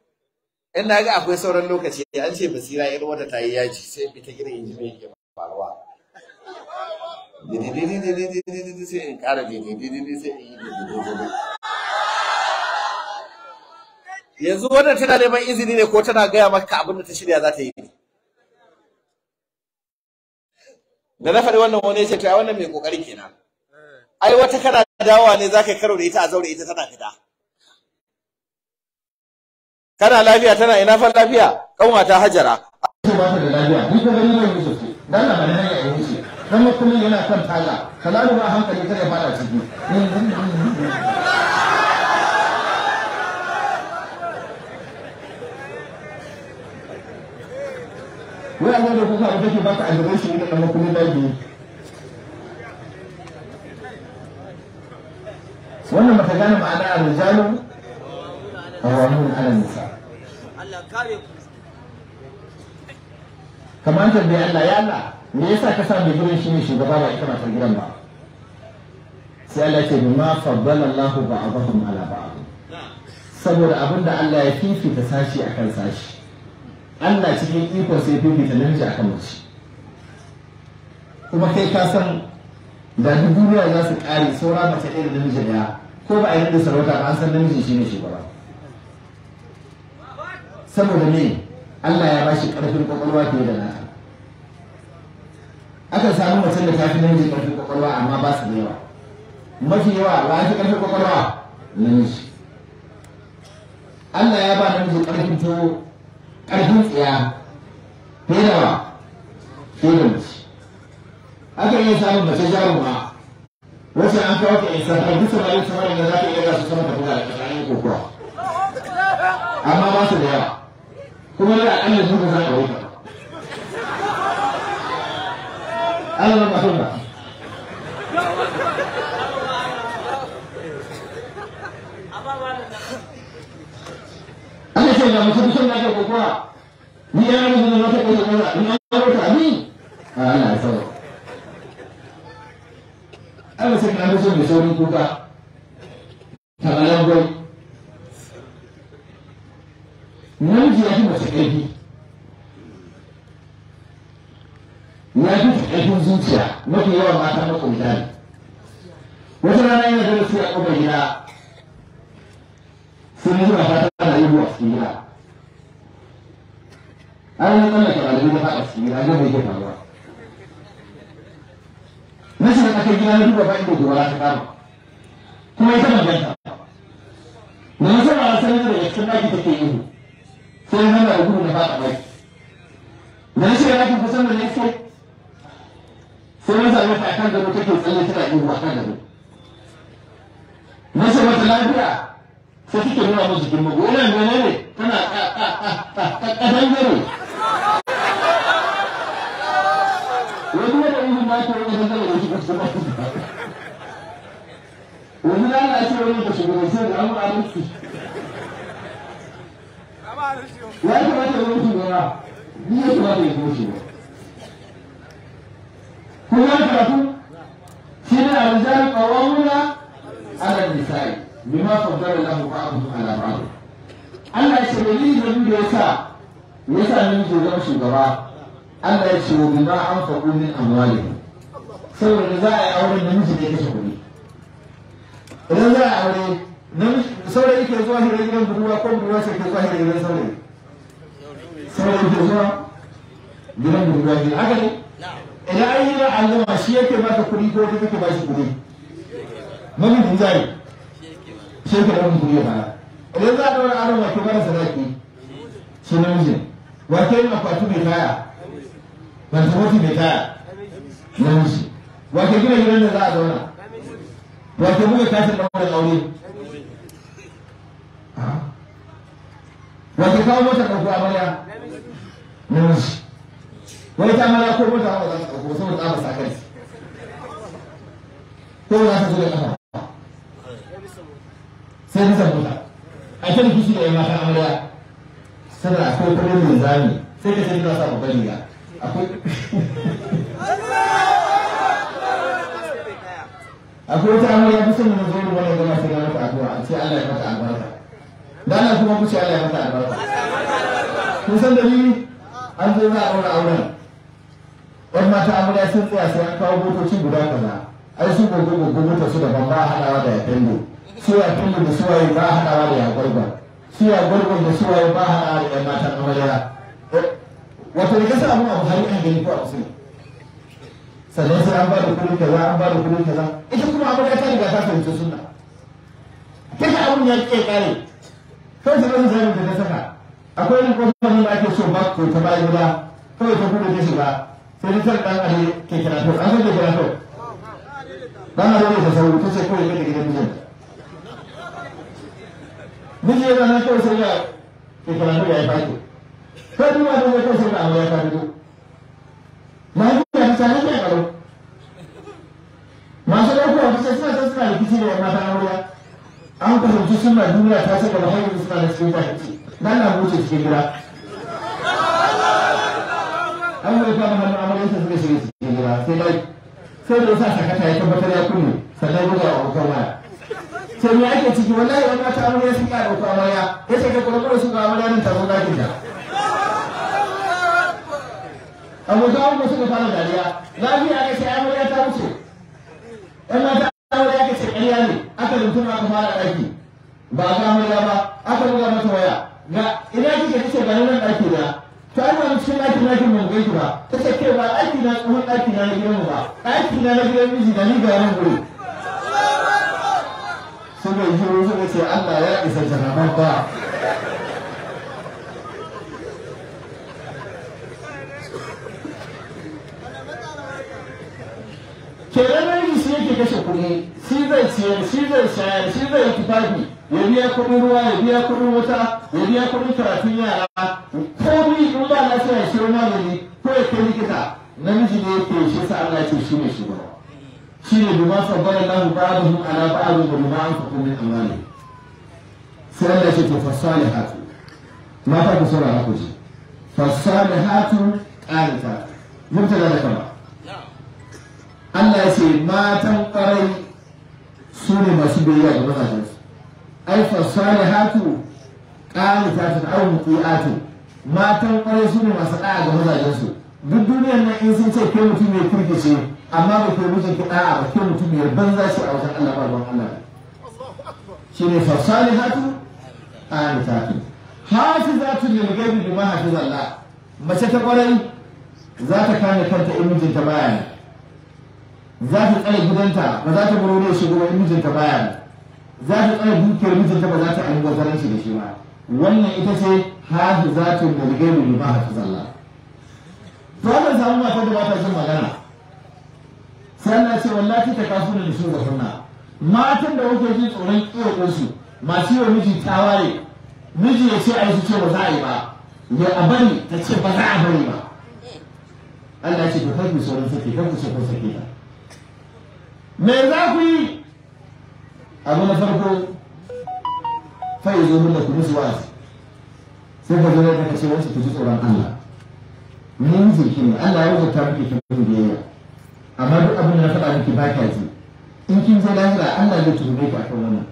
in na ga akwai sauran lokaci an ce basira irin wata ta yi yaji sai fita ta gidan inji mai ke faruwa sai in ƙara sai in yi yanzu wannan tana neman izini ne ko tana gaya maka abin da ta shirya za ta yi ne da na faɗi wannan wani ya ce to ai wannan mai kokari kenan eh. ai wata kana dawowa ne za yi karo da ita a zaure ita tana fita kana lafiya tana ina fa lafiya kanwata hajara ba ta da lafiya ni ka gani ne sosai dan na bane hanya in wuce dan mutumin yana kan tala salalu ba hankali kada fara ciki wai Allah da kuka abu ba ta albarai shi ne dan mutumin da yake wannan mata gane ma'ana rijalu awamun ala nisa kare ku kamar tambayi Allah ya Allah me yasa ka sa mai gurin shi ne shugaba ba ita matar gidan ba sai Allah ce bima faddala Allah ba'dahum ala ba'd saboda abin da Allah ya fifita sashi akan sashi Allah cikin ikon sai fifita namiji akan mace kuma kai ka san da duniya za su kare saura mace ɗaya da namiji ɗaya ko ba a yi da sarauta ba an san namiji shi ne shugaba saboda me Allah ya bashi karfin ƙwaƙwalwa fiye da naka aka samu mutum da tafi namiji karfin ƙwaƙwalwa, amma ba su da yawa mafi yawa ba fi karfin Na namiji Allah ya ba namiji ƙarfin to ƙarfin tsiya fiye da wa fiye da mace aka iya samun mace jaruma wacce an kawo ta isa ta bisa bayan samarin da za ta iya gasa sama ta buga da ƙasa ne ko kuwa amma ba su da yawa kuma na akalla sun kasa a wuta Allah ba sunna Allah sai da mutum da ke kokowa ni yana musu da wata ƙasa ƙasa ni ya rubuta ni ah, Allah ya sauwa Allah sai da musu da saurin kuka ta balan gwai namiji ya fi mace ya fi ƙarfin zuciya mafi yawan mata na ƙunta ne wata rana yana da su ya ƙofar gida sun yi suna fata na yi a cikin gida an yi tsallaka ɗalibi na faɗa cikin gida ga mai ke faruwa na shi da ƙasar gida na duba bayan da gobara ta kama kuma ita ban ganta na musamman a sanar da cikin ɗaki take yi sai hana da gudun da ba a bai na shi ya rafi kusan da ne sai sai na sami ta akan gado take tsalle tana yin wa kan gado na mata lafiya sai suke nuna musu jikin mago wannan mene ne tana ah, ah, ah, ƙaƙƙaƙan gado wani wanda yin ba ke wani zanzara da shi ba su ba wani lalacewa ne ba su gudansu da an a mutu ya kamata ya zama shugaba ni ya kamata ya zama shugaba kuma karatu shi ne a rijalar ƙawamuna ala nisa'i bima faddara lahu ba'dhu ala ya ce wani da da yasa yasa namiji ya shugaba Allah ya ce wa bima an faɗo min saboda za a yi auren namiji ne kashe kuɗi idan za a yi aure nan saurayi ke zuwa hira gidan budurwa ko budurwa sai ke zuwa hira gidan saurayi saurayi ke zuwa gidan budurwa ne haka ne idan an yi alluma shi yake baka kuɗi ko ta kake ba shi kuɗi mamijin zai shi yake da mutum ya fara idan za a ɗaura aron wake mara sadaki shi namijin wake yin akwati mai kaya lantarki mai kaya Na namiji wake gina gidan da za a zauna wake buga tashin ɗaurin aure wata kawo mota ɗauko amarya wani ta amarya ko mota ba za ta ɗauko saboda ta kai ko za ta zo da ƙafa sai a kan kishi da mata amarya sannan akwai mai zami sai ka sai sa babban riga akwai akwai amarya kusan zo da gama sai mata a ce Allah ya mata albarka dana kuma ku Allah ya masa albarka kun san ni an zo za a aure auren wani mata amarya sun tsaya sai an kawo motoci guda kaza ai su gogo gogo motar su daban ba haɗawa da ya su ya kallo da su waye ba haɗawa da ya su ya gwargwa da su waye ba haɗawa da yan matan amarya eh, wato da kasa abin abu hari an gani ko a musulmi sannan sai an ba da kudin kaza an ba da kudin kaza ita kuma ya ta riga ta fahimci suna kasa abin ya ke kare sai su zai zai da saka akwai rikokin da ake so ba ko ta b a i ba k a i ta kuma ta s h i a sai s a n dan ali ke karatu an san ke r a t u dan ali ne sau kawai kai g i d a i j i n i j i yana k a sai ya ke karatu ya faki kai duma da k a sai da a m ya k a r a m a h i y a ta s n i ta r m a s a u k o w a t s u n s a i k i c i da mata na w a an fahimci suna duniya ta ce gaba hanyar suna da cikin fahimci dan na wuce cikin gida an yi kama hannun amurin ta suka shiga cikin gida sai dai sai da sa sakata ya tabbatar ya kunne sannan gudu a abokan waya sai me ake ciki wallahi wani mata amarya sun da uku waya ya ce ka kurkura su ga amurin ta zo dakin ta abokan wani suka fara dariya lafiya ne sai amurin ta wuce 'yan mata wani aka ce ƙarya ne aka rubuta aka fara ɗaki ba a kama ya ba aka buga mata waya ga ina kike tace ga nan ɗaki a ta ai ba cikin ɗaki na kin mun gaiki ba tace ke ba ɗaki na tsohon ɗaki na na gidan ba ɗaki na na gidan miji da ni ga nan gurin suka yi shiru ce Allah ya isa jarabar ba kenan shi yake kashe kuɗi shi zai ciyar shi zai shayar shi zai tufafi ya biya kuɗin ruwa ya biya kuɗin wuta ya biya kuɗin karatun yara komai in ba lafiya shi magani ko ya kai likita namiji ne yake shi sa Allah ce shi ne ba shi ne bima sabbara ba ba'dahu ala ba wa bima anfaqu min amwali sai Allah ce to fasalihatu mata ku saurara ku ji fasalihatu mun ta da kama Allah ya ce matan ƙwarai su ne masu biyayya ga mazajensu ai fasali hatu ƙari ta tun au mutu'atu matan ƙwarai su ne masu ɗa'a ga mazajensu duk duniyar nan in sun ce ke mutum mai ce amma ba ke mutum ki ɗa'a ba ke mutum mai banza ce a wajen Allah ba ruwan Allah shi ne fasali hatu ƙari ta tun hafizatu lil ghaibi bima hafiz zalla mace ta ƙwarai za ta kame kanta in ta baya za ta tsare gidanta ba za ta baro ne shi wani mijinta baya za ta tsaya dukiyar mijinta ba za ta ayi shi da shi ba wannan ita ce hafi za ta mulge mu ba ta zalla to wannan samu mata da mata jin magana sannan ce wallahi ta kasu da shi da matan da wuce jin tsoron kiyo su masu yi miji taware miji ya ce a yi su ce ba za a yi ba ya a bari ta ce ba za a bari ba Allah ce ta kai ku sauran sake ta ku ce kun sake ta me za ku yi abu na farko fa yi zo mun da ku musu wa'azi sai ka zo ka ce wasu ku tsoron Allah mun zirki ne Allah ya zata muke kin biyayya amma duk abin da na faɗa muke ba ka ji in kin zai lahira Allah zai tuhume ku kan wannan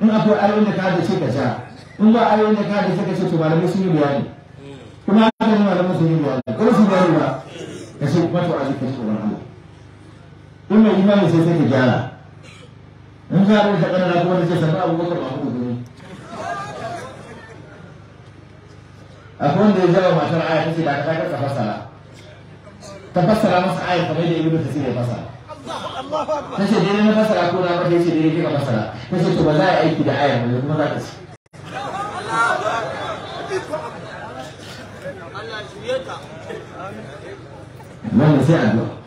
in akwai ayoyin da ka da ce ka sha in ba ayoyin da ka da ce ka ce to malamai sun yi bayani kuma haka ne malamai sun yi bayani ko su bayani ba ka ce kuma to a ji tsoron Allah in mai sai sai ta gyara in za a rubuta kanana kuma da ce sannu abubakar ba kuma gani akwai wanda ya zama matar aya ta ce da ka ta fassara ta fassara masa aya kamar da ibnu tasir ya fassara ta ce dai na fassara ko na ba ta ce dai kika fassara ta ce to ba za a aiki da aya ba kuma za ta ce wannan sai addu'a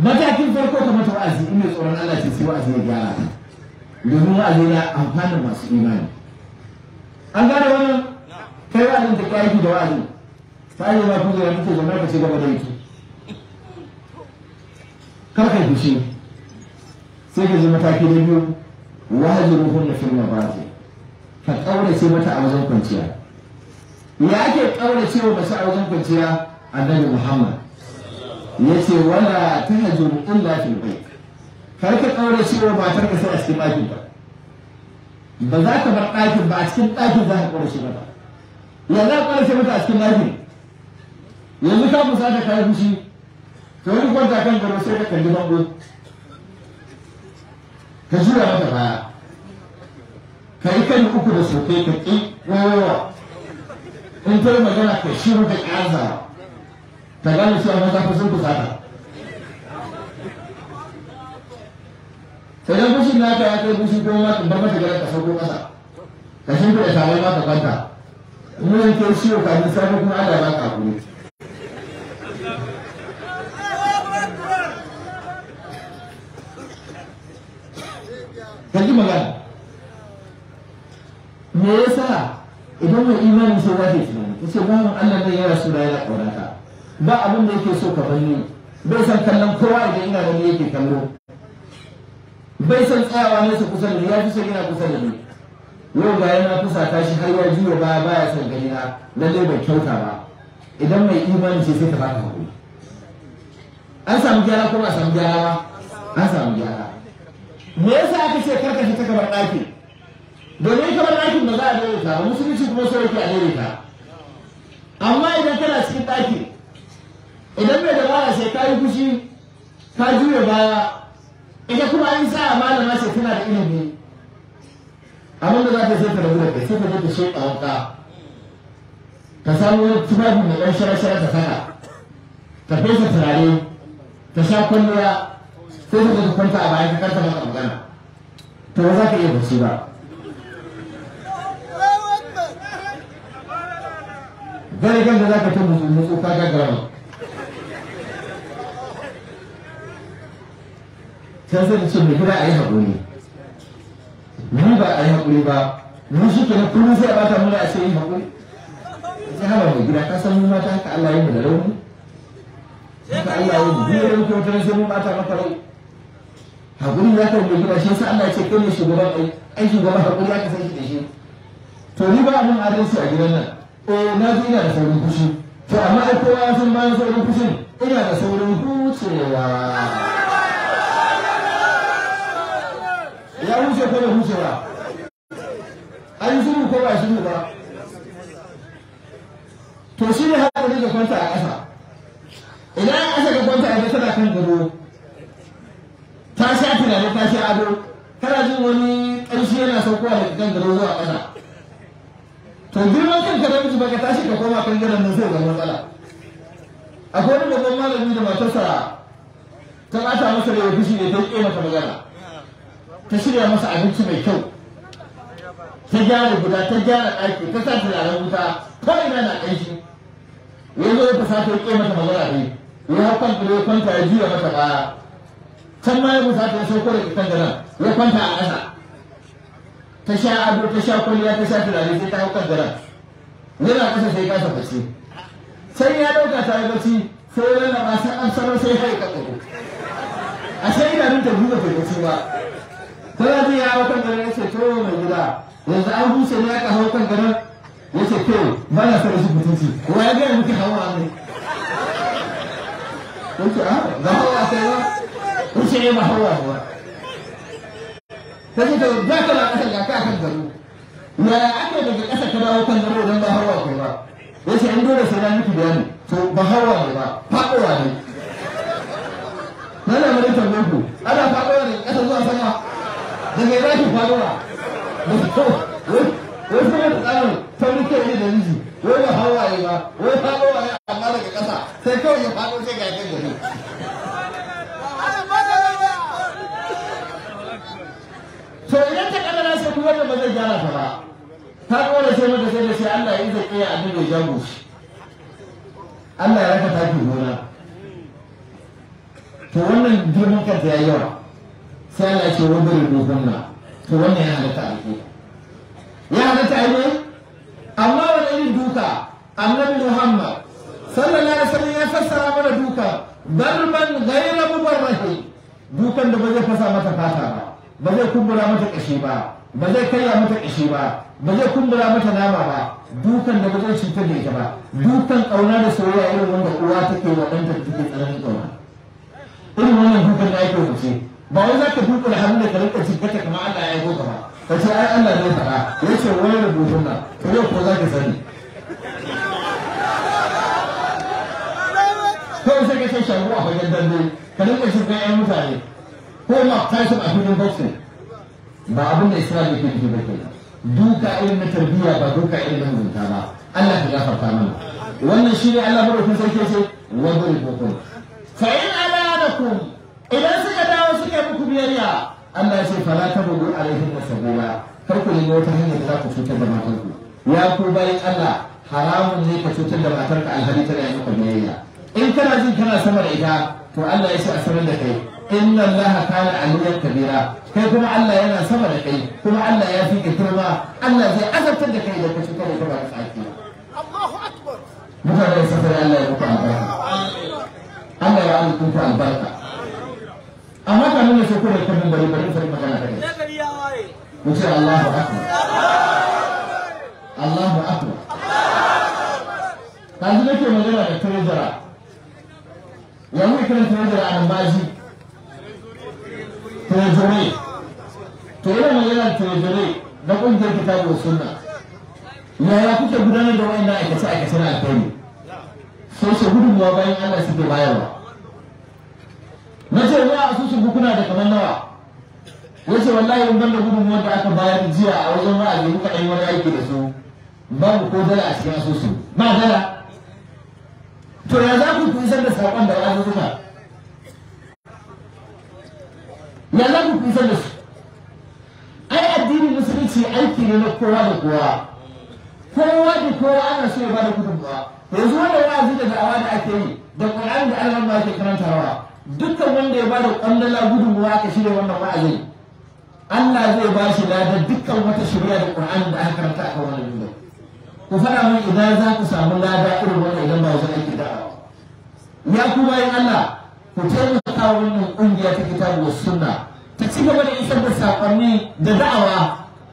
matakin farko ka mata wa'azi ina tsoron Allah ce sai wa'azi ya gyara ta domin wa'azi na amfanin masu imani an gane wannan kai wa'azin ta kyarki da wa'azi ta yi ma kuma zuwa muke zama ka ce gaba da yake kar ka fushi sai ka je mataki na biyu wa'azi ruhun na firma ba ka ƙaurace mata a wajen kwanciya ya ake ƙaurace wa masu a wajen kwanciya annabi Muhammad yace wala tahjur illa fil bai kar ka kaura cewa matar ka sai a cikin ɗakin ba ba za ka bar ɗakin ba a cikin ɗakin za ka kaura shi ba ya za ka kaura shi mata a cikin ɗakin yanzu ka fusa ta kai fushi ka wani kwanta kan gaba sai ka kalli bango ka jira mata baya ka yi kan uku da soke ka ƙi wawa in ta magana ka shiru da ƙazawa ta gane cewa maza fa sun fusata idan bushin na ta kai bushi ko ma ka bar mata gara kasa ka shi da tare ma ka kwanta mu yake shi ka ni kuma Allah ba ka hakuri kaji magana me yasa idan mai imani sai wace tunani kace bawan Allah ne ya rasu da a kaurata ba abin da yake so ka bayyana bai san kallon kowa idan ina da yake kallo bai san tsayawa nesa kusa da ni ya fi son yana kusa da ni yau ga yana kusa ta shi har ya jiya baya baya san gani na lallai bai kyauta ba idan mai imani ce sai ta baka hakuri an samu gyara ko ba samu gyara ba an samu gyara me yasa aka ce shi ta kamar ɗaki domin kamar ɗakin ba za a daidaita ba musulunci kuma sai yake a daidaita amma idan kana cikin ɗakin. idan mai dabara sai ka yi fushi ka juya baya ita kuma an sa a malama sai tana da ilimi abin da za ta sai ta rabu da kai sai ta zo ta a wanka ka samu tufafi mai ɗan shara-shara ta saka ta fesa turare ta sha kwalliya sai ta ta kwanta a bayan ka karta maka magana to ba za ka iya bacci ba gari kan da za ka ta mutu mutu ka gaggara sai sai da ce mai gida a yi haƙuri ni ba a yi haƙuri ba ni shi ke na kullum sai a bata muna a ce yi hakuri sai hawa mai gida ka san mu mata haka Allah ya mu da rauni haka Allah ya mu biyu rauni kyautar sai mu mata maka rai haƙuri ya kai mai gida shi sai Allah ya ce kai ne shugaban ai ai shugaban haƙuri ya ka san shi da shi to ni ba abin adalci a gidan nan eh na ji ina da saurin fushi to amma ai kowa ya san bayan saurin fushin ina da saurin fushi huce ba an yi zuru ko ba ne ba to shi ne haƙuri ga kwanta a ƙasa idan an ƙasa ka kwanta a ƙasa tana kan gado ta sha tunani ta sha ado tana jin wani ƙarshe yana saukowa da kan gado zuwa ƙasa to girman kanka da miji baka tashi ka koma kan gadon nan sai ga matsala akwai wani babban malami da matarsa ta ɓata masa da ya fushi ne ta ƙi masa magana ta shirya masa abinci mai kyau ta gyara guda ta gyara ɗaki ta sa turaren wuta ko ina na ƙanshi ya zo ta ƙe mata magana ne ya hau kwanta ya kwanta ya juya mata baya can ma ya ta ya sauko da kitan garan ya kwanta a ƙasa ta sha ado ta sha kwalliya ta sha turare sai ta hau kan garan yana ƙasa sai kasa bacci sai ya ɗauka ta yi bacci sai ya lalaba sai an sanar sai ya haika ƙoƙo a sai idanun ta buga ta ba ko ya je ya hau kan garin ya ce to mai gida yanzu an busa ne aka hau kan garin ya ce to ba na son rashin mutunci wa ya gaya muke hawa ne yace a ah, ga hawa sai ba yace ya eh, ba hawa ba ta ce to za ka na ƙasa ga ka kan garo yaya ake daga ƙasa ka dawo kan garo don ba hawa kai ba yace an dole sai na miki bayani to ba hawa ne ba faɗowa ne na na mara tambayar ku ana faɗowa ne ƙasa zuwa sama da mai zaki faruwa wai kuma tsarin sauri ke yi da miji wai ba hawaye ba wai faruwa ne amma daga ƙasa sai kawai ya faru sai ga kai gari so idan ta kadara sai kuma da ba zai gyara ta ba ta dole sai mata sai da sai Allah ya zai tsaya abin da jango Allah ya raka taki gona to wannan girman kanta yayi yawa sai Allah ce da dogon na to wannan ya da ta'aiki ya da ta'aiki amma wani irin duka annabi Muhammad sallallahu alaihi wasallam ya fassara mana duka darban gaira mubarrahi dukan da ba zai fasa mata fata ba ba zai kumbura mata kashi ba ba zai karya mata kashi ba ba zai kumbura mata nama ba dukan da ba zai cutar da ita ba dukan kauna da soyayya irin wanda uwa take wa ɗanta take tsananin kauna irin wannan dukan da ake wuce ba wai za ka duka da hannu ka rinka jibbata kamar Allah ya yi ba ka ce ai Allah ne faɗa ya ce wai rubutun nan to yau ko za ka sani ko sai ka ce shagu a fagen dambe ka rinka shirka ƴan mutane ko ma tashi a filin boxing ba abin da Isra'ila ke ji ba kenan duka irin na tarbiyya ba duka irin na mugunta ba Allah ka gafarta mana wannan shi ne Allah madaukakin sarki ya ce wa bari ko kun fa in alanakum idan suka dawo suka yi muku biyayya Allah ya ce fala ta bugu alaihi da sabila kar ku nemi wata hanyar da za ku cutar da matarku ya ku bayin Allah haramun ne ka cutar da matarka alhali tana yi muku biyayya in kana jin kana sama da ita to Allah ya ce a saman da kai inna Allah kana aliyan kabira kai kuma Allah yana sama da kai kuma Allah ya fi ka girma Allah zai azabtar da kai da ka cutar da ita ba ka sake Allahu akbar mutane sai Allah ya muku albarka Allah ya alkunta albarka amma ka nuna sai kuma kan bari bari sai magana ta kai mu ce Allahu akbar Allahu akbar ji nake magana da tarjara trezora yanzu kiran tarjara a baji tarjara to yana magana tarjara na kungiyar kitabu sunna yaya kuke gudanar da wayannan aikace aikace na alkhairi sai shi gudunmuwa bayan Allah suke bayarwa na ce wa asusun hukuna da kamar nawa ya ce wallahi in da gudunmuwar da aka bayar jiya a wajen wa'azi muka ɗan wani aiki da su babu ko dala a cikin asusu ba dala to ya za ku isar da saƙon da wani suka ya za ku isar da su ai addinin musulunci aiki ne na kowa da kowa kowa da kowa ana so ya bada gudunmuwa yanzu wanda wannan wa'azi da awa da ake yi da ƙur'ani da Allah ake karanta karantawa dukkan wanda ya bada kwandala gudunmuwa aka shirya wannan wa'azin Allah zai ba shi ladar dukkan wata shirya da Qur'ani da aka karanta a kan wannan ku fara mun idan za ku samu lada irin wannan idan ba wajen aiki da'awa ya ku bayan Allah ku taimaka wannan kungiya ta kitabu was sunna ta ci gaba da isar da sakonni da da'awa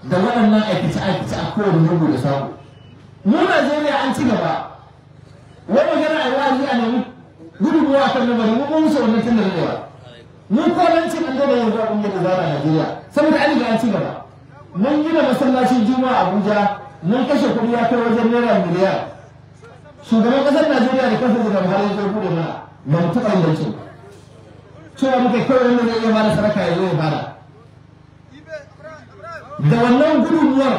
da waɗannan aikace aikace a kowane lungu da samu mu Najeriya an ci gaba wani gana a yi a nemi gudunmuwa a kan nan lamari mu ba musu wannan tun da dadewa mun kwanancin an daina yin kun da zara a Najeriya saboda an riga an ci gaba mun gina masallacin juma'a Abuja mun kashe kuɗi ya kai wajen naira miliyan shugaban ƙasar Najeriya da kansa daga Buhari ya zo kuɗi mana ba mu taɓa yin dancin ba cewa muka kawai wanda zai iya bada sadaka ya zo ya bada da wannan gudunmuwar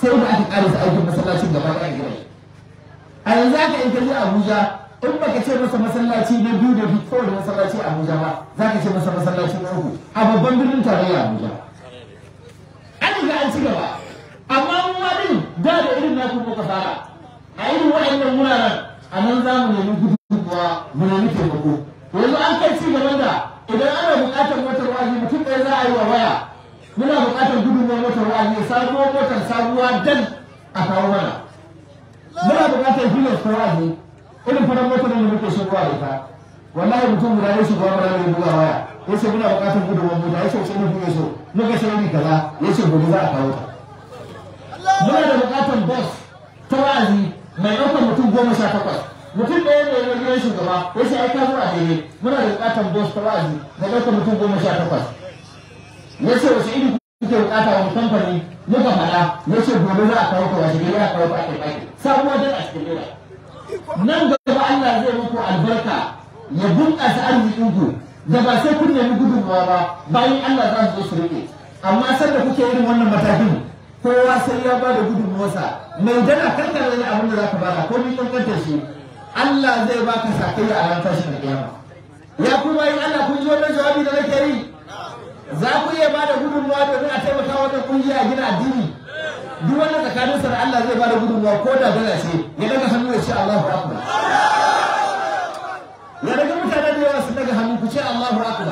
sai da aka ƙarisa aikin masallacin gaba ɗaya gidan a yanzu aka in ka Abuja in baka ce masa masallaci na biyu da biyu kawai masallaci a Abuja ba za ka ce masa masallaci na uku a babban birnin tarayya Abuja an riga an ci gaba amma wani da da irin kuma muka fara a irin wa'annan wuraren a nan za mu nemi gudunmuwa mu nemi taimako yanzu an kai ci gaban da idan ana buƙatar motar wa'azi mutum ɗaya za a yi wa waya muna buƙatar gudunmuwa motar wa'azi sabuwar motar sabuwa dan a kawo mana muna buƙatar hilas ko wa'azi irin fara mota ne muke shigowa da ita wallahi mutum guda ya shigowa mara ne buga waya ya ce muna bukatar gudunmawar mota ya ce wace ne so muka sai ni kaza ya ce gobe za a kawo ta muna da bukatar bus ta wazi mai ɗaukar mutum goma sha takwas mutum ɗaya ne ya gidan shugaba ya ce ai ka zuwa daidai muna da bukatar bus ta wazi mai ɗaukar mutum goma sha takwas ya ce wasu iri kuke bukata wani kamfani muka faɗa ya ce gobe za a kawo ta wasu gari a kawo ta ake ake sabuwa don a cikin gida nan gaba Allah zai muku albarka ya bunƙasa arzikinku da ba sai kun nemi gudunmawa ba bayan Allah za su zo su riƙe amma sanda kuke irin wannan matakin kowa sai ya ba da gudunmawarsa mai dana kankana ne abin da za ka baka ko ni shi Allah zai baka sakayya a ran tashin kiyama ya ku bayan Allah kun ji wannan jawabi da nake yi za ku iya ba da gudunmawa domin a taimaka wannan kungiya a gina addini duk tsakanin sa da Allah zai bada gudunmawa ko da dala ce ya daga hannu ya ce Allahu akbar ya daga mutane da yawa su daga hannu ku ce Allahu akbar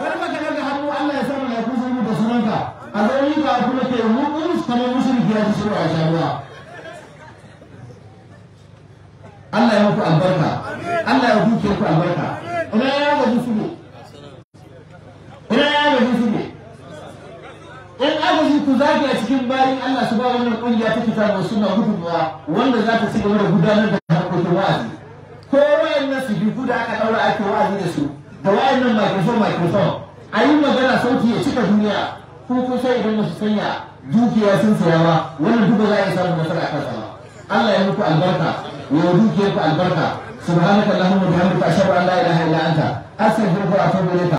ma maka daga hannu Allah ya samu ya kuzo mu da sunanka a zai ka kuma ke mu'min kamar mushriki ya ci sura a shaduwa Allah ya muku albarka Allah ya huce ku albarka ina ya gaji su ne ina ya gaji su ne in agaji ku zage a cikin bayan Allah su ba wannan kungiya ta fita mai suna gudunmawa wanda za ta ci gaba da gudanar da harkokin wa'azi ko wayannan su biyu da aka daura ake wa'azi da su da wayannan microphone microphone a yi magana sauti ya cika duniya ko kun sai idan masu sanya dukiya sun saya ba wannan duka za a samun nasara a kansa Allah ya muku albarka ya dukiyar ku albarka subhanaka allahumma wa bihamdika ashhadu an la ilaha illa anta astaghfiruka wa atubu